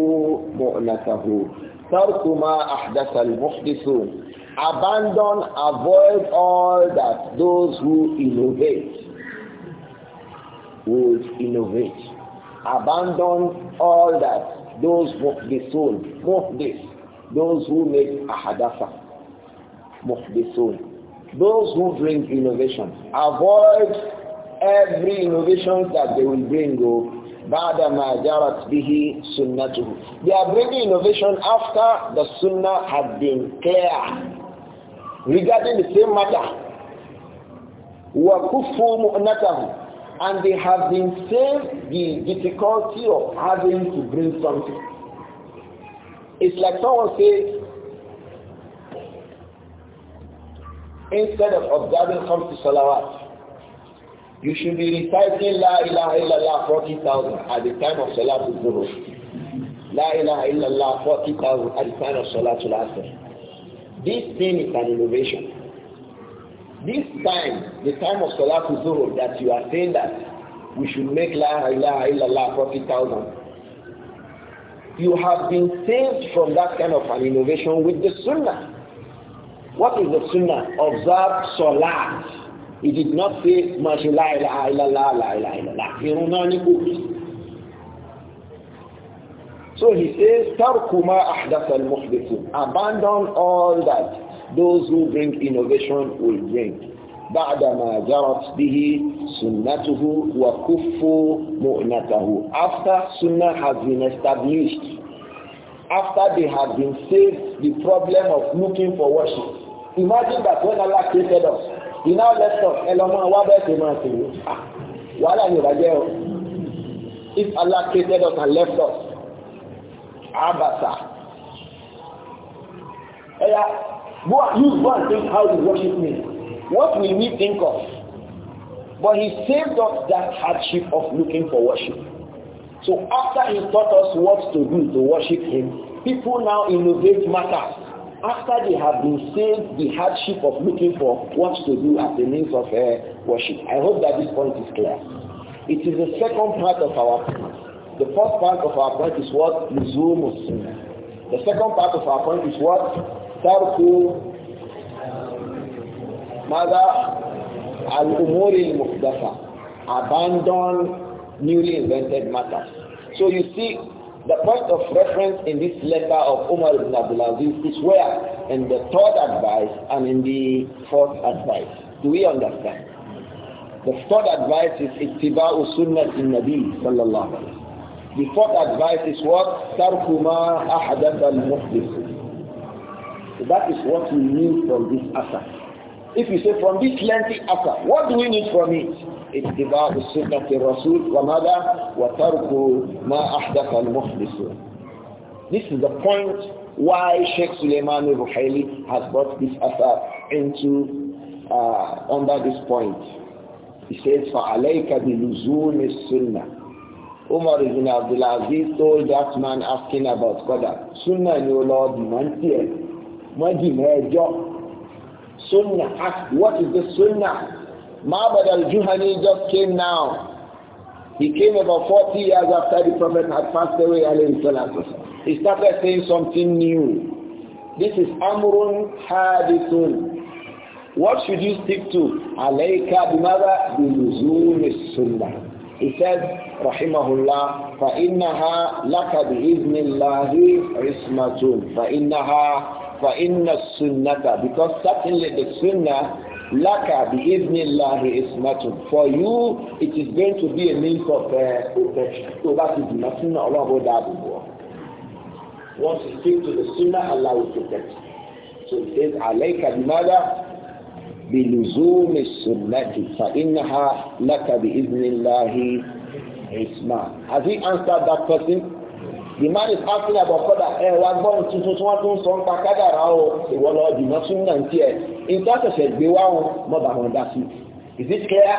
مؤنته ترك ما أحدث المحدثون Abandon, avoid all that those who innovate would innovate. Abandon all that, those muhdithun, muhdith, those who make a be sold. those who bring innovation. Avoid every innovation that they will bring, oh. they are bringing innovation after the sunnah has been clear regarding the same matter and they have been saved the difficulty of having to bring something. It's like someone says, instead of observing come to salawat, you should be reciting La ilaha illallah 40,000 at the time of al Zuhur. La ilaha illallah 40,000 at the time of al Asr. This thing is an innovation. This time, the time of Salatul Zuhur that you are saying that we should make La ilaha illallah 40,000. You have been saved from that kind of an innovation with the Sunnah. What is the Sunnah? Observe Salat. He did not say, Mashu la ilaha illallah, la ilaha illallah. So he says, tarqumah ahdath al Abandon all that those who bring innovation will bring. بعدما جرت به سنته وكف مؤنته after sunnah has been established after they have been saved the problem of looking for worship imagine that when Allah created us he now left us ẹlọmọ wa bẹẹ ṣe máa ah, wàhálà ni ìbàjẹ́ o if Allah created us and left us abasa Go and use go and think how you worship me. What will we think of? But he saved us that hardship of looking for worship. So after he taught us what to do to worship him, people now innovate matters. After they have been saved the hardship of looking for what to do as the means of uh, worship. I hope that this point is clear. It is the second part of our point. The first part of our point is what? Luzumus. The second part of our point is what? ترك ماذا الأمور المحدثة abandon newly invented matters so you see the point of reference in this letter of Umar ibn Aziz is where? In the third advice and in the fourth advice. Do we understand? The third advice is ittiba'u sunnat in Nabi sallallahu The fourth advice is what? Tarqumah ahadat al-muhdith that is what we need from this asar. If you say from this lengthy asar, what do we need from it? اتباع سنة wa وماذا ma ما al المخلصون This is the point why Sheikh Suleiman al-Ruhaili has brought this asar into uh, under this point. He says, فَعَلَيْكَ بِلُزُومِ السُنَّةِ Umar ibn Abdul Aziz told that man asking about Qadar, Sunnah your Lord, man mọ́jìmọ́ ẹjọ́ sunna asked what is the sunna Ma'bad al-Juhani just came now he came about 40 years after the prophet had passed away alayhi salatu he started saying something new this is amrun hadithun what should you stick to alayka bimada biluzum sunnah he said rahimahullah فإنها لك بإذن الله Fa innaha. فَإِنَّ السُنَّةَ Because certainly the sunnah, لَكَ بِإِذْنِ اللَّهِ إِسْمَةٌ For you, it is going to be a means of uh, protection. So that is the sunnah Allah will Once you stick to the sunnah, Allah will protect you. So it says, عَلَيْكَ بِمَاذَا بلزوم السنة فإنها لك بإذن الله عثمان. Has he answered that question? the man is asking about father ẹ eh, wá gbọ́n tuntun tí wọ́n tún sọ ń pa kádàrá o ìwọ lọ dìmọ́ fún náà ń tiẹ̀ nǹkan ṣẹ̀ṣẹ̀ gbé wá wọn mọ́ bá wọn dá sí is it clear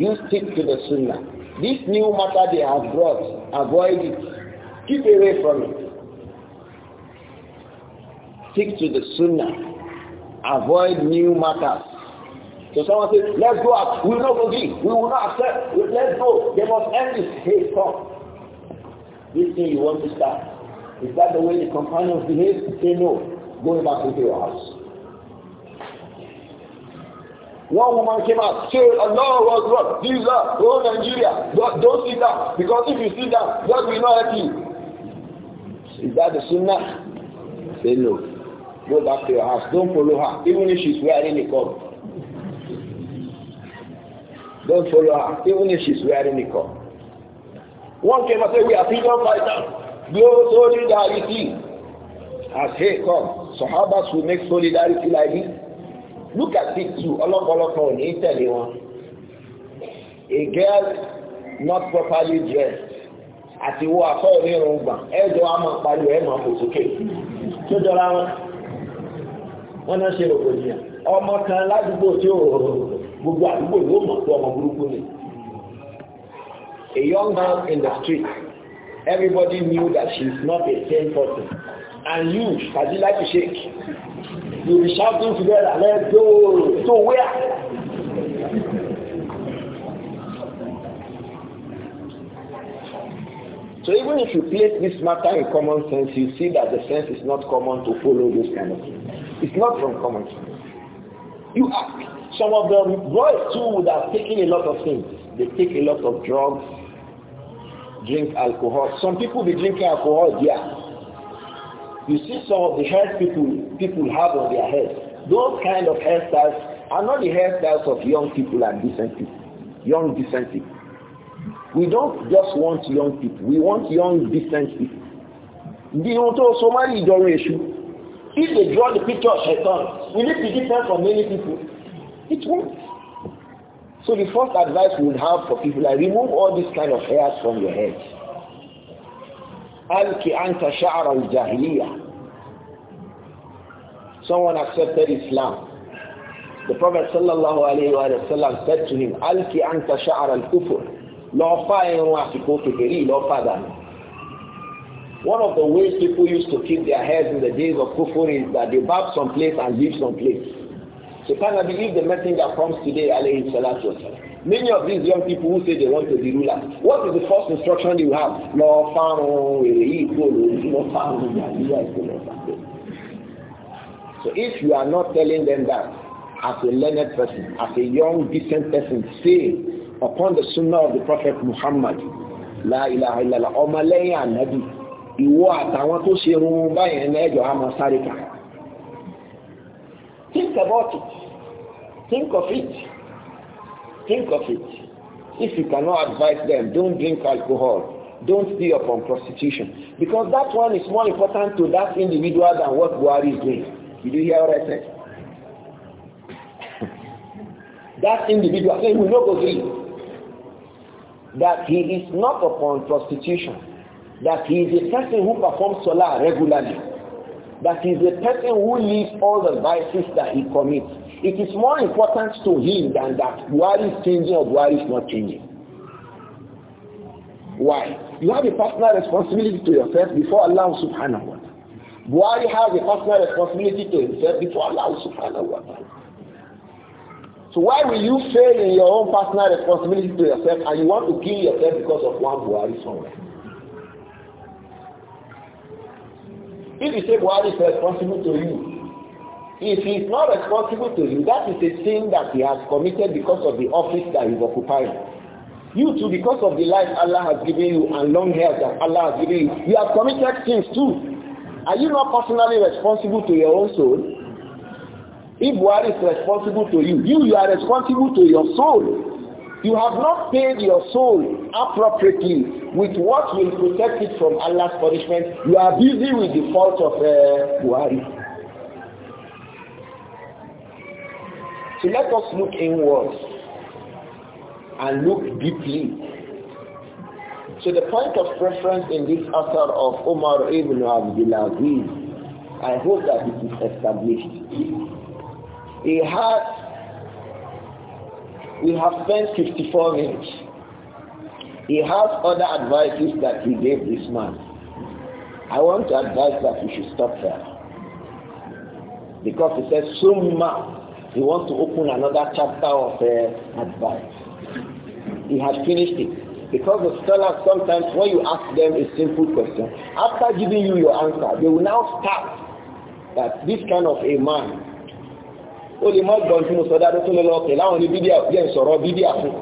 you stick to the sunnah this new matter they have brought avoid it keep away from it stick to the sunnah avoid new matters so someone say let's go out we will not go give we will not accept let's go they must end this hate talk. This thing you want to start. Is that the way the companions behave? Say no. Go back into your house. One woman came out, say Allah was what? These are whole Nigeria. Don't, don't sit down. Because if you sit down, God will not help you. Is that the sunnah? Say no. Go back to your house. Don't follow her. Even if she's wearing a coat. Don't follow her. Even if she's wearing a coat. One came and said, we are freedom fighters. Blow solidarity. As hey, come. Sahabas we make solidarity like this. Look at it too. Olokolokan ò ní tẹ̀lé wọn. A girl not properly dressed àti wo afọ́ onírun gbà ẹ̀jọ̀ wa máa pariwo ẹ̀ máa fò sókè. Tó jọra wọn. Wọ́n náà ṣe rògbòdìyàn. Ọmọ kan ládùúgbò tí ò gbogbo àdúgbò yóò mọ̀ pé ọmọ burúkú ni. a young man in the street, everybody knew that she's not a sane person. And you, as you like to shake. You'll be shouting together, let's go. So where? So even if you place this matter in common sense, you see that the sense is not common to follow this kind of thing. It's not from common sense. You ask. Some of the boys too would have taken a lot of things. They take a lot of drugs, drink alcohol. Some people be drinking alcohol Yeah, You see some of the hair people people have on their head. Those kind of hairstyles are not the hairstyles of young people and decent people. Young decent people. We don't just want young people. We want young decent people. Bí ohun tó do máa ń If they draw the picture of Shaitan, will it be different from many people? It won't. So the first advice we would have for people is like, remove all these kind of hairs from your head. Alki anta al jahiliyah. Someone accepted Islam. The Prophet sallallahu alayhi wa sallam said to him, Alki anta sha'r al-kufr. Lọ́fà ẹ̀rùn àsìkò kékeré lọ́fà dànù. One of the ways people used to keep their heads in the days of kufr is that they barb some place and leave some place. So, Subhanallah, believe the message that comes today, alayhi salatu Many of these young people who say they want to be ruler. what is the first instruction you have? No, So if you are not telling them that as a learned person, as a young, decent person, say upon the sunnah of the Prophet Muhammad, La ilaha illallah, ọmọlẹ́yìn ànábì, ìwọ àtàwọn tó ṣe irun báyẹn lẹ́jọ́ àmọ́ sáré kàkà. Think about it. Think of it. Think of it. If you cannot advise them, don't drink alcohol. Don't stay upon prostitution. Because that one is more important to that individual than what Buhari is doing. Did you hear what I said? that individual saying we no go that he is not upon prostitution that he is a person who performs salah regularly that is a person who leaves all the vices that he commits. It is more important to him than that what is changing or what is not changing. Why? You have a personal responsibility to yourself before Allah subhanahu wa ta'ala. Buhari has a personal responsibility to himself before Allah subhanahu wa ta'ala. So why will you fail in your own personal responsibility to yourself and you want to kill yourself because of one Buhari somewhere? If you say Buhari is responsible to you, if he is not responsible to you, that is a sin that he has committed because of the office that he is occupying. You too, because of the life Allah has given you and long hair that Allah has given you, you have committed sins too. Are you not personally responsible to your own soul? If Buhari is responsible to you, you, you are responsible to your soul. You have not paid your soul appropriately with what will protect it from Allah's punishment. You are busy with the fault of uh, So let us look inwards and look deeply. So the point of reference in this author of Omar ibn Abdul Aziz, I hope that it is established. He had we have spent 54 minutes. He has other advices that he gave this man. I want to advise that we should stop there. Because he says, Summa, he wants to open another chapter of uh, advice. He has finished it. Because the scholars sometimes, when you ask them a simple question, after giving you your answer, they will now start that this kind of a man ó lè gbọ́n tí mo sọ dáadọ́ tó lọ lọ láwọn ní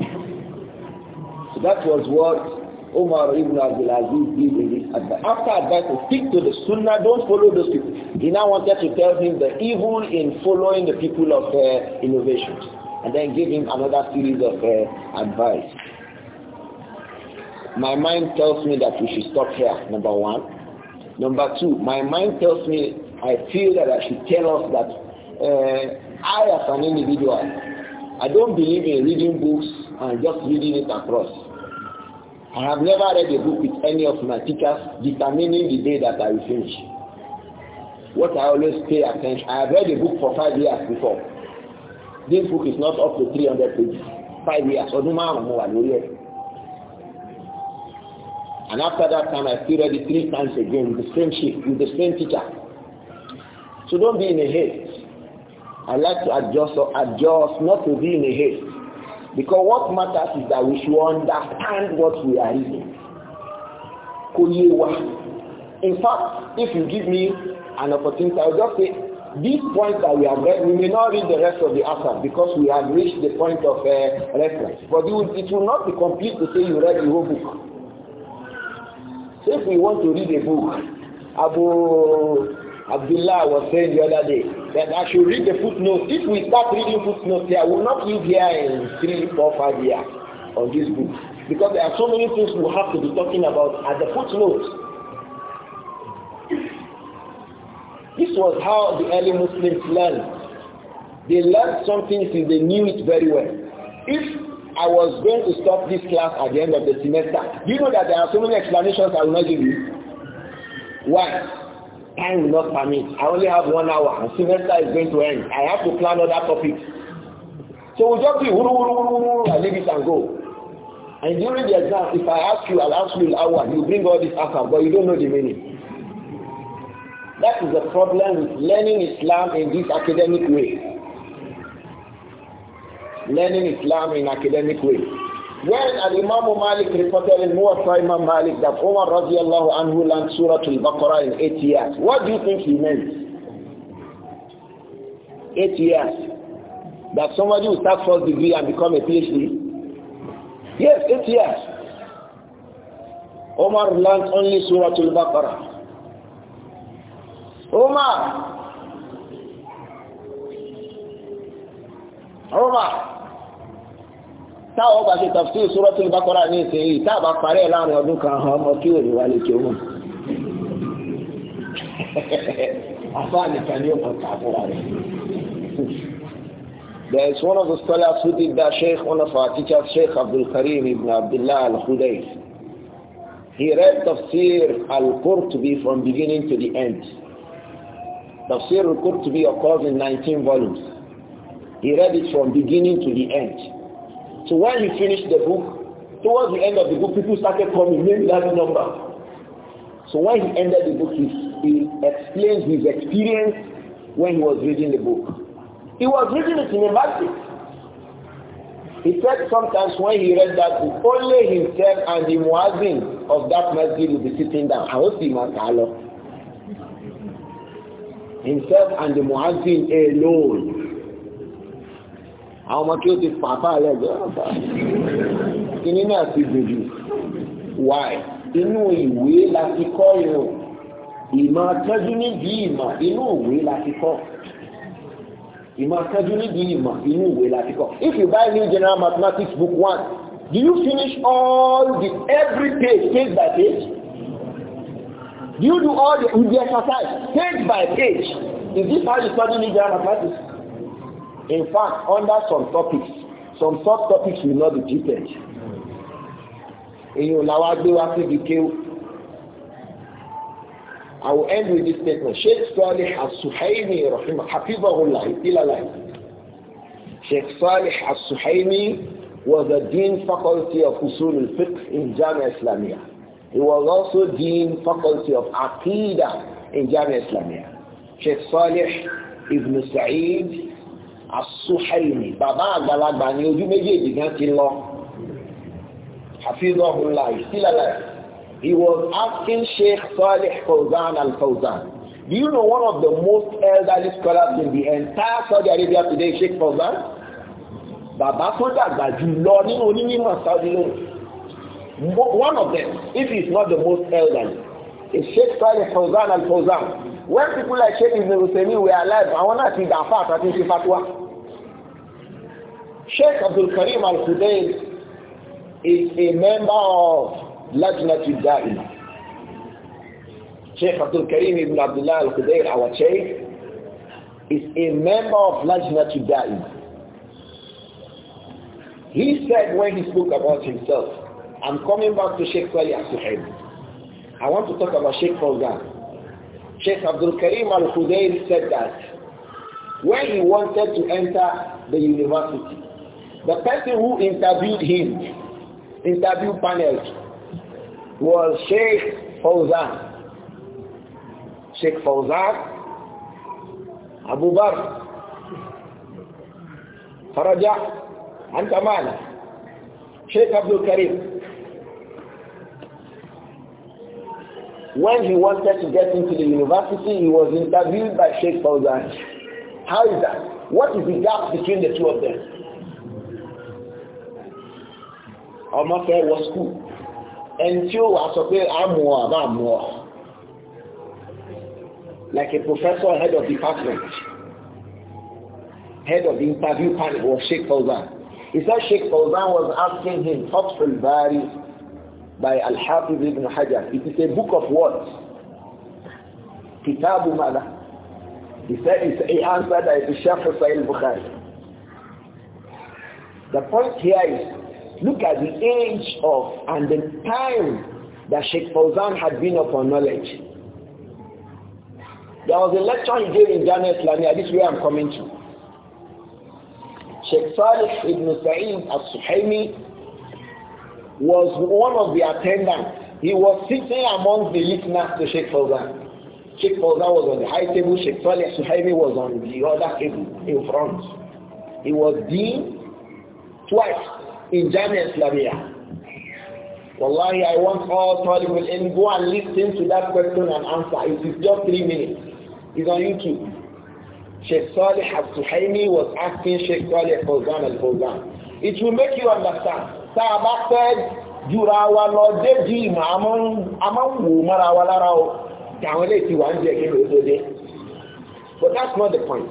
So that was what Umar ibn Abdul Aziz did in advice. After advice he stick to the sunnah, don't follow those people. He now wanted to tell him the evil in following the people of uh, And then give him another series of uh, advice. My mind tells me that we should stop here, number one. Number two, my mind tells me, I feel that I should tell us that uh, I as an individual, I don't believe in reading books and just reading it across. I have never read a book with any of my teachers determining the day that I will finish. What I always pay attention, I have read a book for five years before. This book is not up to 300 pages. Five years. And after that time, I still read it three times again with the same shift, with the same teacher. So don't be in a haste. I like to adjust or adjust, not to be in a haste. Because what matters is that we should understand what we are reading. In fact, if you give me an opportunity, I'll just say, this point that we have read, we may not read the rest of the answer because we have reached the point of uh, reference. But it will, it will not be complete to say you read the whole book. So if we want to read a book, about. Abdullah was saying the other day that I should read the footnotes. If we start reading footnotes here, we will not live here in three, four, five years on this book. Because there are so many things we have to be talking about at the footnotes. This was how the early Muslims learned. They learned something since they knew it very well. If I was going to stop this class at the end of the semester, do you know that there are so many explanations I will not give you? Why? Time will not permit. I only have one hour and semester is going to end. I have to plan other topics. So we'll just be woo woo woo woo I leave it and go. And during the exam, if I ask you, I'll ask you an hour, you bring all this after, but you don't know the meaning. That is the problem with learning Islam in this academic way. Learning Islam in academic way. When Al-Imam Malik reported in Muwafa Imam Malik that Umar radiallahu anhu learned Surah Al-Baqarah in eight years, what do you think he meant? Eight years. That somebody will start first degree and become a PhD? Yes, eight years. Umar learned only Surah Al-Baqarah. Umar! Umar! táwọn ọba ṣe tàfsí Suratul Baqara ní ìsinyìí táàbà parí ẹ̀ láàrin ọdún kan hàn ọmọ kí òní wà lè kí ó mọ̀ àfáà nìkan ni ó kàn ká fúnra theres one of the scholars who did that, Sheikh, one of our teachers, Sheikh Abdul Karim ibn Abdullah al-Khudayf. He read Tafsir al-Qurtubi from beginning to the end. Tafsir al-Qurtubi occurs in 19 volumes. He read it from beginning to the end. So when he finished the book, towards the end of the book, people started coming, maybe that number. So when he ended the book, he, he explained his experience when he was reading the book. He was reading it in a masjid. He said sometimes when he read that book, only himself and the muazzin of that masjid would be sitting down. I hope him Allah. Himself and the muazzin alone. àwọn ọmọ kí ó ti fàáfà lẹ́gbẹ́ ọ̀fà kíní náà ti gbèjù wáì inú ìwé la ti kọ́ yẹn ìmọ̀ tẹ́jú níbi ìmọ̀ inú ìwé la ti kọ́ ìmọ̀ tẹ́jú níbi ìmọ̀ inú ìwé la ti kọ́ if you buy new general mathematics book one do you finish all the every page page by page do you do all the, the exercise page by page is this how you study new general mathematics In fact, under some topics, some subtopics will not be treated. Èyàn I will end with this statement. Sheikh Salih As-Suhaimi Rahimah Sheikh Salih al suhaimi was the Dean Faculty of Usul al-Fiqh in Jamia Islamiya. He was also Dean Faculty of Aqidah in Jamia Islamiya. Sheikh Salih Ibn Sa'id Asuhaimi, bàbá àgbàlagbà ni ojú méjèèjì gan ti lọ hafizahullah still alive he was asking sheikh salih fawzan al do you know one of the most elderly scholars in the entire saudi arabia today sheikh fawzan bàbá tó dàgbà jù lọ nínú onímọ̀ saudi lónìí one of them if he is not the most elderly is sheikh salih fawzan al When people like Sheikh Ibn we were alive, àwọn náà ti dàfà àtàtì ṣe fatwa. Sheikh Abdul Karim Al-Fudayn is a member of Lajnatul Da'ima. Sheikh Abdul Karim Ibn Abdullah Al-Fudayn, our Sheikh, is a member of Lajnatul Da'ima. He said when he spoke about himself, I'm coming back to Sheikh Salih Al-Suhaib. I want to talk about Sheikh Fawzan. Sheikh Abdul Karim al-Khudayr said that when he wanted to enter the university, the person who interviewed him, interview panel, was Sheikh Fawzan. Sheikh Fawzan, Abu Bakr, Faraja, and Sheikh Abdul Karim. When he wanted to get into the university, he was interviewed by Sheikh Fauzan. How is that? What is the gap between the two of them? Ọmọfẹ́ wọ skul. Ẹni tí ó wà sọ pé àmọ́ àbá àmọ́ ọ. Like a professor head of department, head of the interview panel was Sheikh Fauzan. He said Sheikh Fauzan was asking him, Fatul Bari, by Al-Hafiz ibn Hajar. It is a book of words, Kitabu Mala. He said it's a answer that is Shaykh Sahih Bukhari. The point here is, look at the age of and the time that Sheikh Fawzan had been upon knowledge. There was a lecture he gave in Jannah Islamia, this is where I'm coming to. Sheikh Salih ibn Sa'id al-Suhaimi was one of the attendants. He was sitting among the listeners to Sheikh Fawzan. Sheikh Fawzan was on the high table, Sheikh Saleh Suhaimi was on the other table in front. He was dean twice in Jamia Islamia. Wallahi, I want all Taliban and go and listen to that question and answer. It is just three minutes. It's on YouTube. Sheikh Saleh al-Suhaimi was asking Sheikh Saleh Fawzan al-Fawzan. It will make you understand bá fẹ́ jura wa lọ déjì ìmọ̀ wa lára o ń jẹ tó dé but that's not the point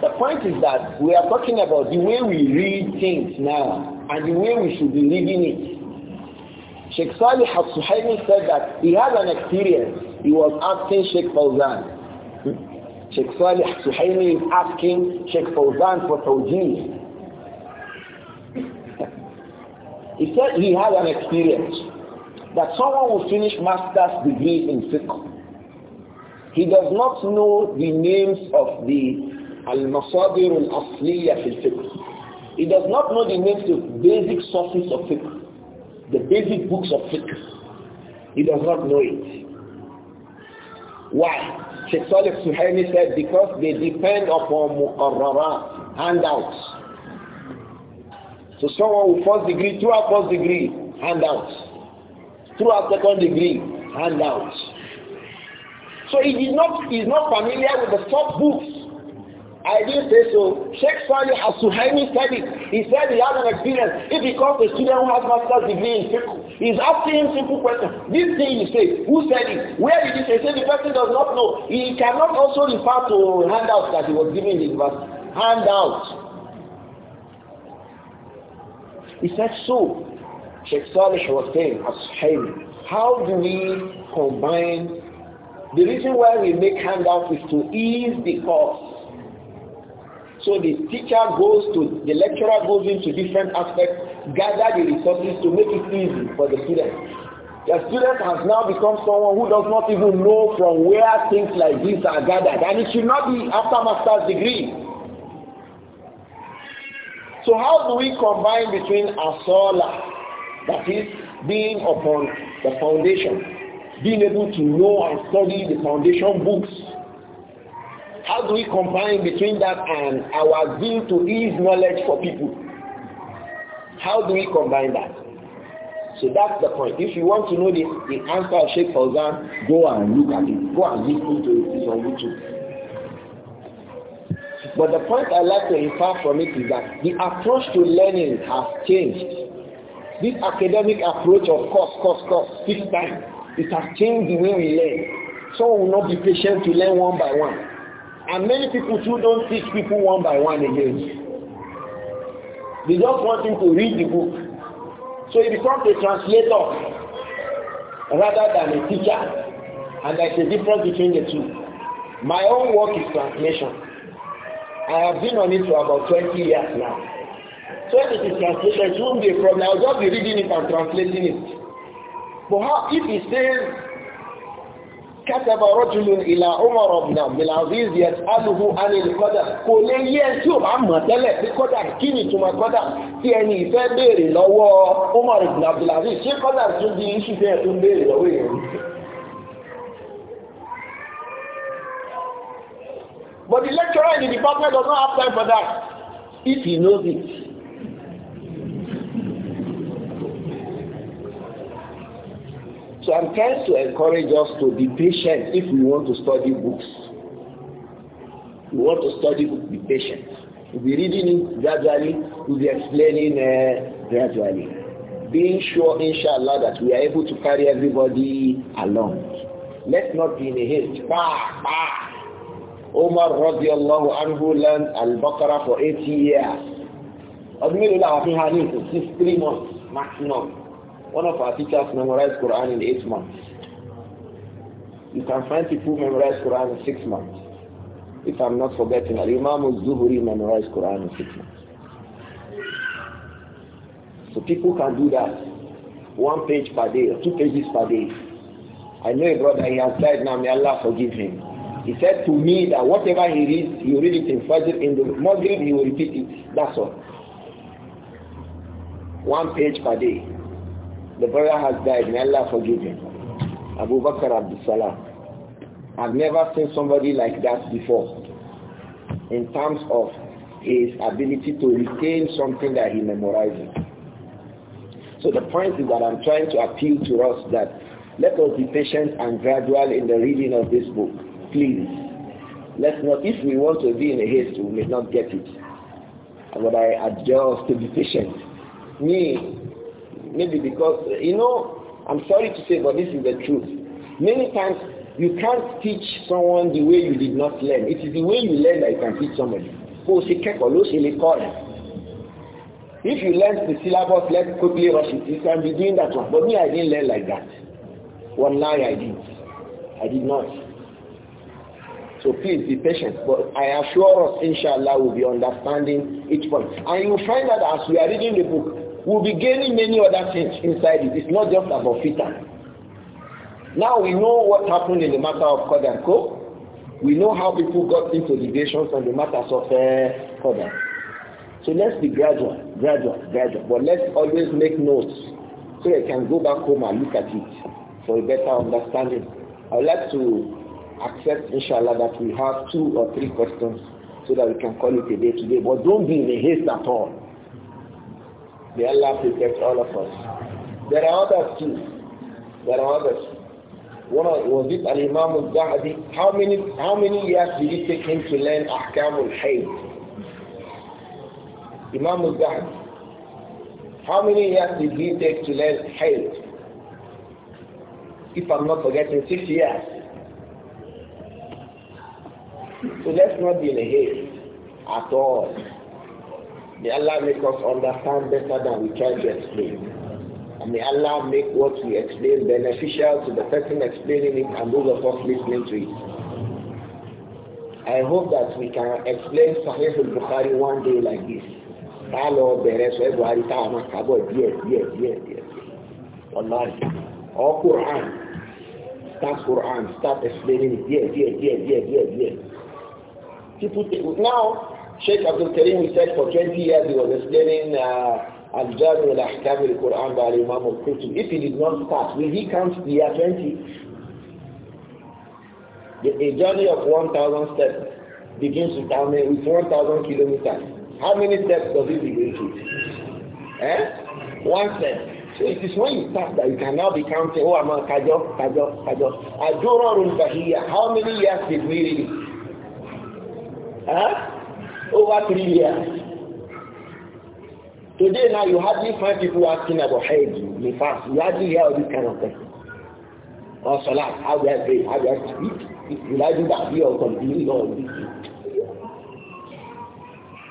the point is that we are talking about the way we read things now and the way we should be reading it Sheikh Salih al-Suhaimi said that he had an experience he was asking Sheikh Fawzan hmm? Sheikh Salih al-Suhaimi is asking Sheikh Fawzan for Tawjih He said he had an experience that someone will finish master's degree in fiqh. He does not know the names of the al-masadir al-asliya fil fiqh. He does not know the names of basic sources of fiqh, the basic books of fiqh. He does not know it. Why? Sheikh Salih Suhaimi said because they depend upon muqarrara handouts. So someone with first degree, throughout first degree, handouts. Throughout second degree, handouts. So he is not, is not familiar with the top books. I didn't say so. Sheikh Salih Asuhaimi said it. He said he has an experience. If he comes to a student who has master's degree in fiqh, he's asking him simple questions. This thing you say, who said it? Where did he say? He said the person does not know. He cannot also refer to handouts that he was given in university. Handouts. He said, so, Sheikh Salih was saying, Ashabi, how do we combine? The reason why we make handouts is to ease the course. So the teacher goes to, the lecturer goes into different aspects, gather the resources to make it easy for the student. The student has now become someone who does not even know from where things like this are gathered. And it should not be after master's degree. So how do we combine between asola, that is being upon the foundation, being able to know and study the foundation books? How do we combine between that and our zeal to ease knowledge for people? How do we combine that? So that's the point. If you want to know the, the answer of Sheikh Fauzan, go and look at it. Go and listen to it. It's on YouTube. But the point I like to infer from it is that the approach to learning has changed. This academic approach of course, course, course, fixed time, it has changed the way we learn. So we will not be patient to learn one by one. And many people too don't teach people one by one again. They just want him to read the book. So he becomes a translator rather than a teacher. And there's a difference between the two. My own work is translation. I have been on it for about 20 years now. So if it is translated, it won't be a problem. I'll just be reading it and translating it. But how, if he says, كتب رجل إلى عمر بن عبد العزيز يسأله عن القدر kò lè yé ẹ tí ò bá mọ̀ tẹ́lẹ̀ pé kọ́dà kí ni ìtumọ̀ kọ́dà tí ẹni ìfẹ́ béèrè lọ́wọ́ Umar ibn Abdulaziz ṣé kọ́dà tún di iṣu bẹ́ẹ̀ But the lecturer in the department does not have time for that. If he knows it. So I'm trying to encourage us to be patient if we want to study books. We want to study books, be patient. We'll be reading it gradually, we'll be explaining uh, gradually. Being sure, inshallah, that we are able to carry everybody along. Let's not be in a haste. Bah, bah. Omar radiyallahu anhu learned Al-Baqarah for 80 years. ọdún mélòó làwọn fi hàn ní six months maximum one of our teachers memorized Quran in eight months you can find people memorize Quran in six months if I'm not forgetting Al Imam Zuhri memorized Quran in six months so people can do that one page per day or two pages per day I know a brother he has died now may Allah forgive him he said to me that whatever he reads, he will read it in Fajr, in the Maghrib he will repeat it. That's all. One page per day. The brother has died. May Allah forgive him. Abu Bakr Abdul Salam. I've never seen somebody like that before in terms of his ability to retain something that he memorizes. So the point is that I'm trying to appeal to us that let us be patient and gradual in the reading of this book please. Let's not, if we want to be in a haste, we may not get it. But I adjust to be patient. Me, maybe because, you know, I'm sorry to say, but this is the truth. Many times, you can't teach someone the way you did not learn. It is the way you learn that you can teach somebody. If you learn the syllabus, let's quickly rush it. You can be doing that one. But me, I didn't learn like that. One lie I did. I did not. So please be patient. But I assure us, inshallah, we'll be understanding each point. And you'll find that as we are reading the book, we'll be gaining many other things inside it. It's not just about Fita. Now we know what happened in the matter of Kod and We know how people got into deviations on the matters of uh, Kodan. So let's be gradual, gradual, gradual. But let's always make notes so that I can go back home and look at it for a better understanding. I would like to Accept, inshallah, that we have two or three questions so that we can call it a day today. But don't be in a haste at all. May Allah protect all of us. There are others too. There are others. One was it an Imam al-Zahdi? How many, how many years did it take him to learn Ahkam al-Hayd? Imam al-Zahdi. How many years did he take to learn Hayd? If I'm not forgetting, six years. So let's not be in a haste at all. May Allah make us understand better than we try to explain. And may Allah make what we explain beneficial to the person explaining it and those of us listening to it. I hope that we can explain Sahih al-Bukhari one day like this. Hello, yes, yes, yes, yes. Wallahi. Or Quran. Start Quran, start explaining it. Yes, yes, yes, yes, yes, yes. People now, Sheikh Abdul Karim, we said for 20 years he was explaining uh, Al-Jabr al-Ahkam al-Quran by Imam of qurtubi If he did not start, will he count the year 20? The, a journey of 1,000 steps begins with, 1,000 kilometers. How many steps does it begin to? Eh? One step. So it is when you start that you cannot be counting, oh, I'm a kajo, kajo, kajo. How many years did we read? huh? over three years. Today now you hardly find people asking about Haid, In fast. You hardly hear all this kind of thing. Or oh, Salah, how do I pray? How do I speak? Will I do that here or continue or this?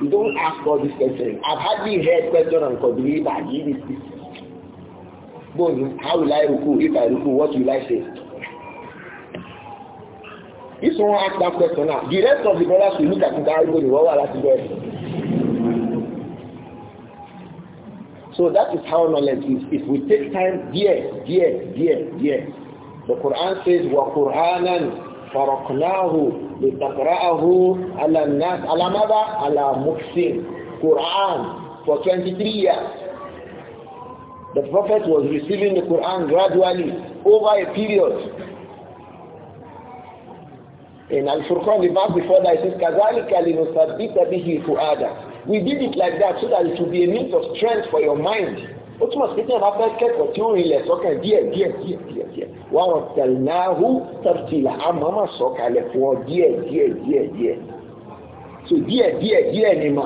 You don't ask all these questions. I've hardly heard question on Qadri, Baji, this, this. But how will I ruku? If I ruku, what will I say? If someone asks that question now, the rest of the brothers will look at it and go, what will I do? So that is how knowledge is. If we take time, yes, yes, yes, yes. The Quran says, وَقُرْآنًا فَرَقْنَاهُ لِتَقْرَأَهُ عَلَى النَّاسِ عَلَى ماذا؟ عَلَى مُحْسِن Quran for 23 years. The Prophet was receiving the Quran gradually over a period And Al-Furqan, the verse before that, it says, كَذَلِكَ لِنُثَبِّتَ بِهِ فُؤَادًا We did it like that so that it will be a means of strength for your mind. ó túmọ̀ sí pé tí wọn bá fẹ́ kẹ́kọ̀ọ́ tí ó rinlẹ̀ sọ́kàn díẹ̀ díẹ̀ díẹ̀ díẹ̀ díẹ̀ wọn wọn tẹ̀lé náà hù tẹ̀tìlà àmọ́ mà sọ̀kalẹ̀ fún ọ díẹ̀ díẹ̀ díẹ̀ díẹ̀ so díẹ̀ díẹ̀ díẹ̀ ni mà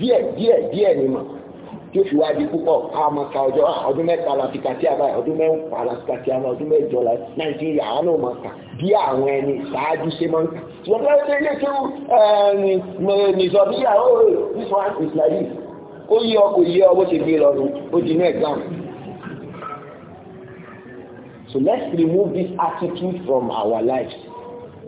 díẹ̀ díẹ̀ díẹ̀ ni mà tí ó fi wá di púpọ̀ a máa ka ọjọ́ ah, ọdún mẹ́ta láti kàtí àbá ọdún mẹ́wàá láti kàtí àbá ọdún mẹ́jọ láti nàìjíríà àwọn náà máa kà bí àwọn ẹni ṣáájú ṣe máa ń kà. ṣùgbọ́n bá ṣe ilé tó eh, nìṣọ́ bí ìyàwó rẹ̀ this one is like this ó yí ọkọ̀ yí ọ ṣe gbé lọ ó di ní exam. so let's remove this attitude from our lives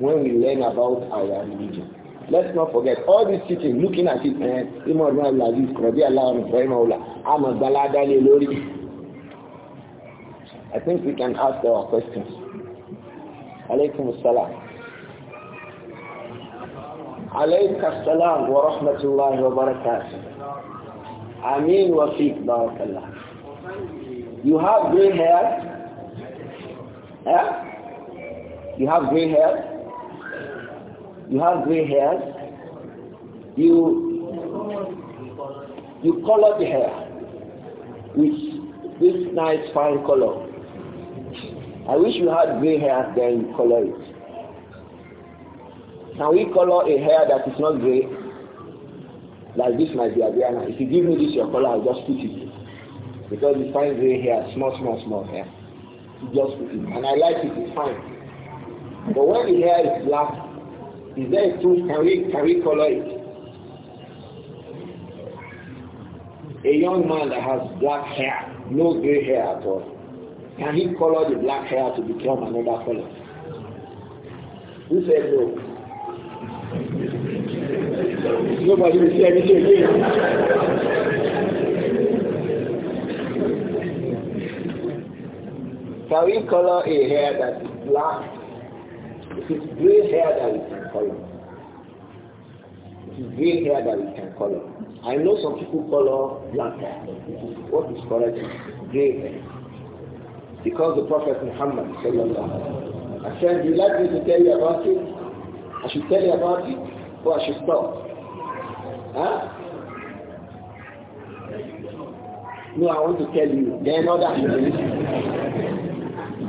when we learn about our religion. Let's not forget all these teaching, looking at it, eh, Imam Ibn Aziz, Rabbi Allah, Rahimahullah, Ahmad Balada, Lori. I think we can ask our questions. Alaykum Assalam. salam Assalam. Wa Rahmatullahi wa Barakatuh. Amin wa بارك Barakallah. You have grey hair? Eh? You have grey hair? you have gray hairs, you you color the hair with this nice fine color. I wish you had gray hair then you color it. Can we color a hair that is not gray? Like this my dear Diana. If you give me this your color, I'll just put it. Because it's fine gray hair, small, small, small hair. You just put it. And I like it, it's fine. But when the hair is black, is there a tooth? Can we, can we color it? A young man that has black hair, no gray hair at all, can he color the black hair to become another color? Who said no? Nobody will say anything again. Can we color a hair that is black is gray hair that we can color. It is gray hair that we can color. I know some people color black hair. What is correct gray hair. Because the Prophet Muhammad sallallahu I said, you like me to tell you about it? I should tell you about it, or I should stop. Huh? No, I want to tell you. Then others will listen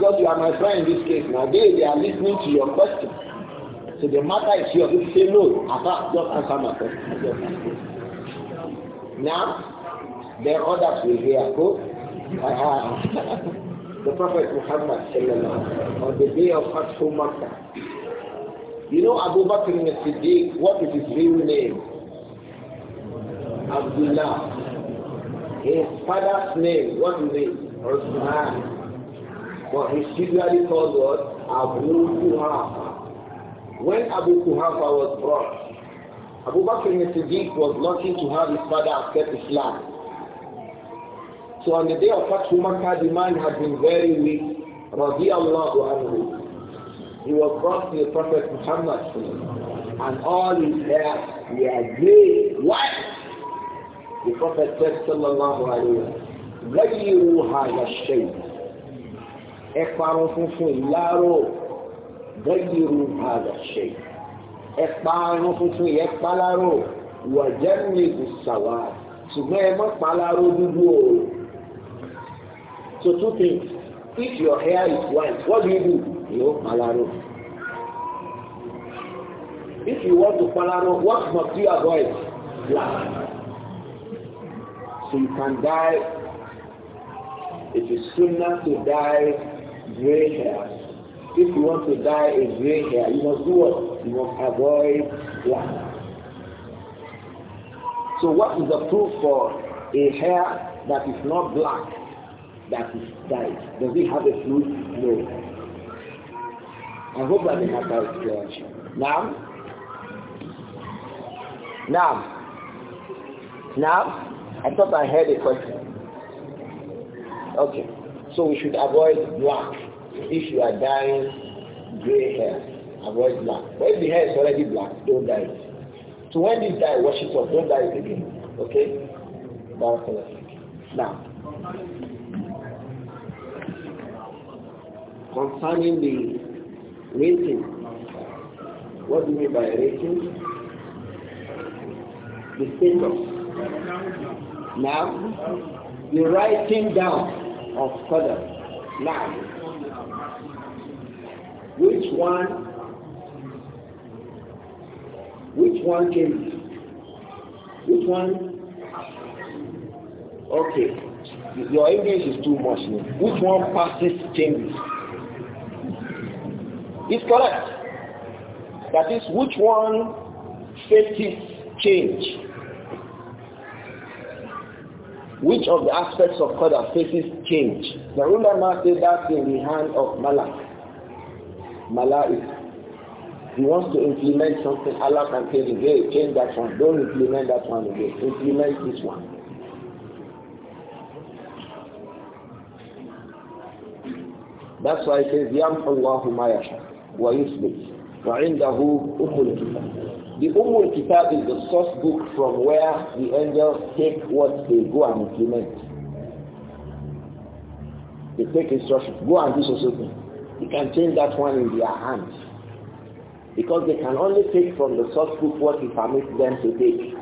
because you are my friend in this case now. They, they are listening to your question. So the matter is yours. If you say no, I can't just answer my question. Now, the are others will hear. Go. the Prophet Muhammad on the day of Fathu Makkah. You know Abu Bakr al-Siddiq, what is his real name? Abdullah. His father's name, what is it? Uthman. But he's secretly called what? Abu Kuhafa. When Abu Kuhafa was brought, Abu Bakr al-Siddiq was lucky to have his father accept Islam. So on the day of Fathu Makkah, the man had been very weak. Radiallahu anhu. He was brought to the Prophet Muhammad and all his hair were grey, What? The Prophet said, sallallahu alayhi wa sallam, ẹparun funfun ìyáró gẹ́gìrú àgàṣe ẹparun funfun yẹn paláró wàjẹ́mi ìsàwà ṣùgbọ́n ẹ má paláró dúdú o. So two things if your hair is white what do you do? You paláró. If you want to paláró what must you avoid? Black. So you can dye. It is sooner to die. gray hair. If you want to dye a gray hair, you must do what? You must avoid black. So what is the proof for a hair that is not black, that is dyed? Does it have a fluid? No. I hope I didn't have that explanation. Now? Now? Now? I thought I heard a question. Okay. So we should avoid black. If you are dying gray hair, avoid black. But if the hair is already black, don't dye it. So when you dye, wash it off. Don't dye it again. Okay? Now, concerning the rating, what do you mean by rating? The status. Now, the writing down of Qadr? Na'am. Which one? Which one came? Which one? Okay. Your English is too much. Now. Which one passes changes? It's correct. That is, which one faces change? which of the aspects of Qadr faces change? The ulama say that in the hand of Malak. Malak He wants to implement something, Allah can tell him, hey, change that one. Don't implement that one again. Implement this one. That's why it says, يَمْحُ اللَّهُ مَا يَشَاءُ وَيُثْبِتُ وَعِنْدَهُ أُمُّ the Umul Kitab is the source book from where the angels take what they go and implement. They take instructions, go and do something. You can change that one in their hands. Because they can only take from the source book what it permits them to take.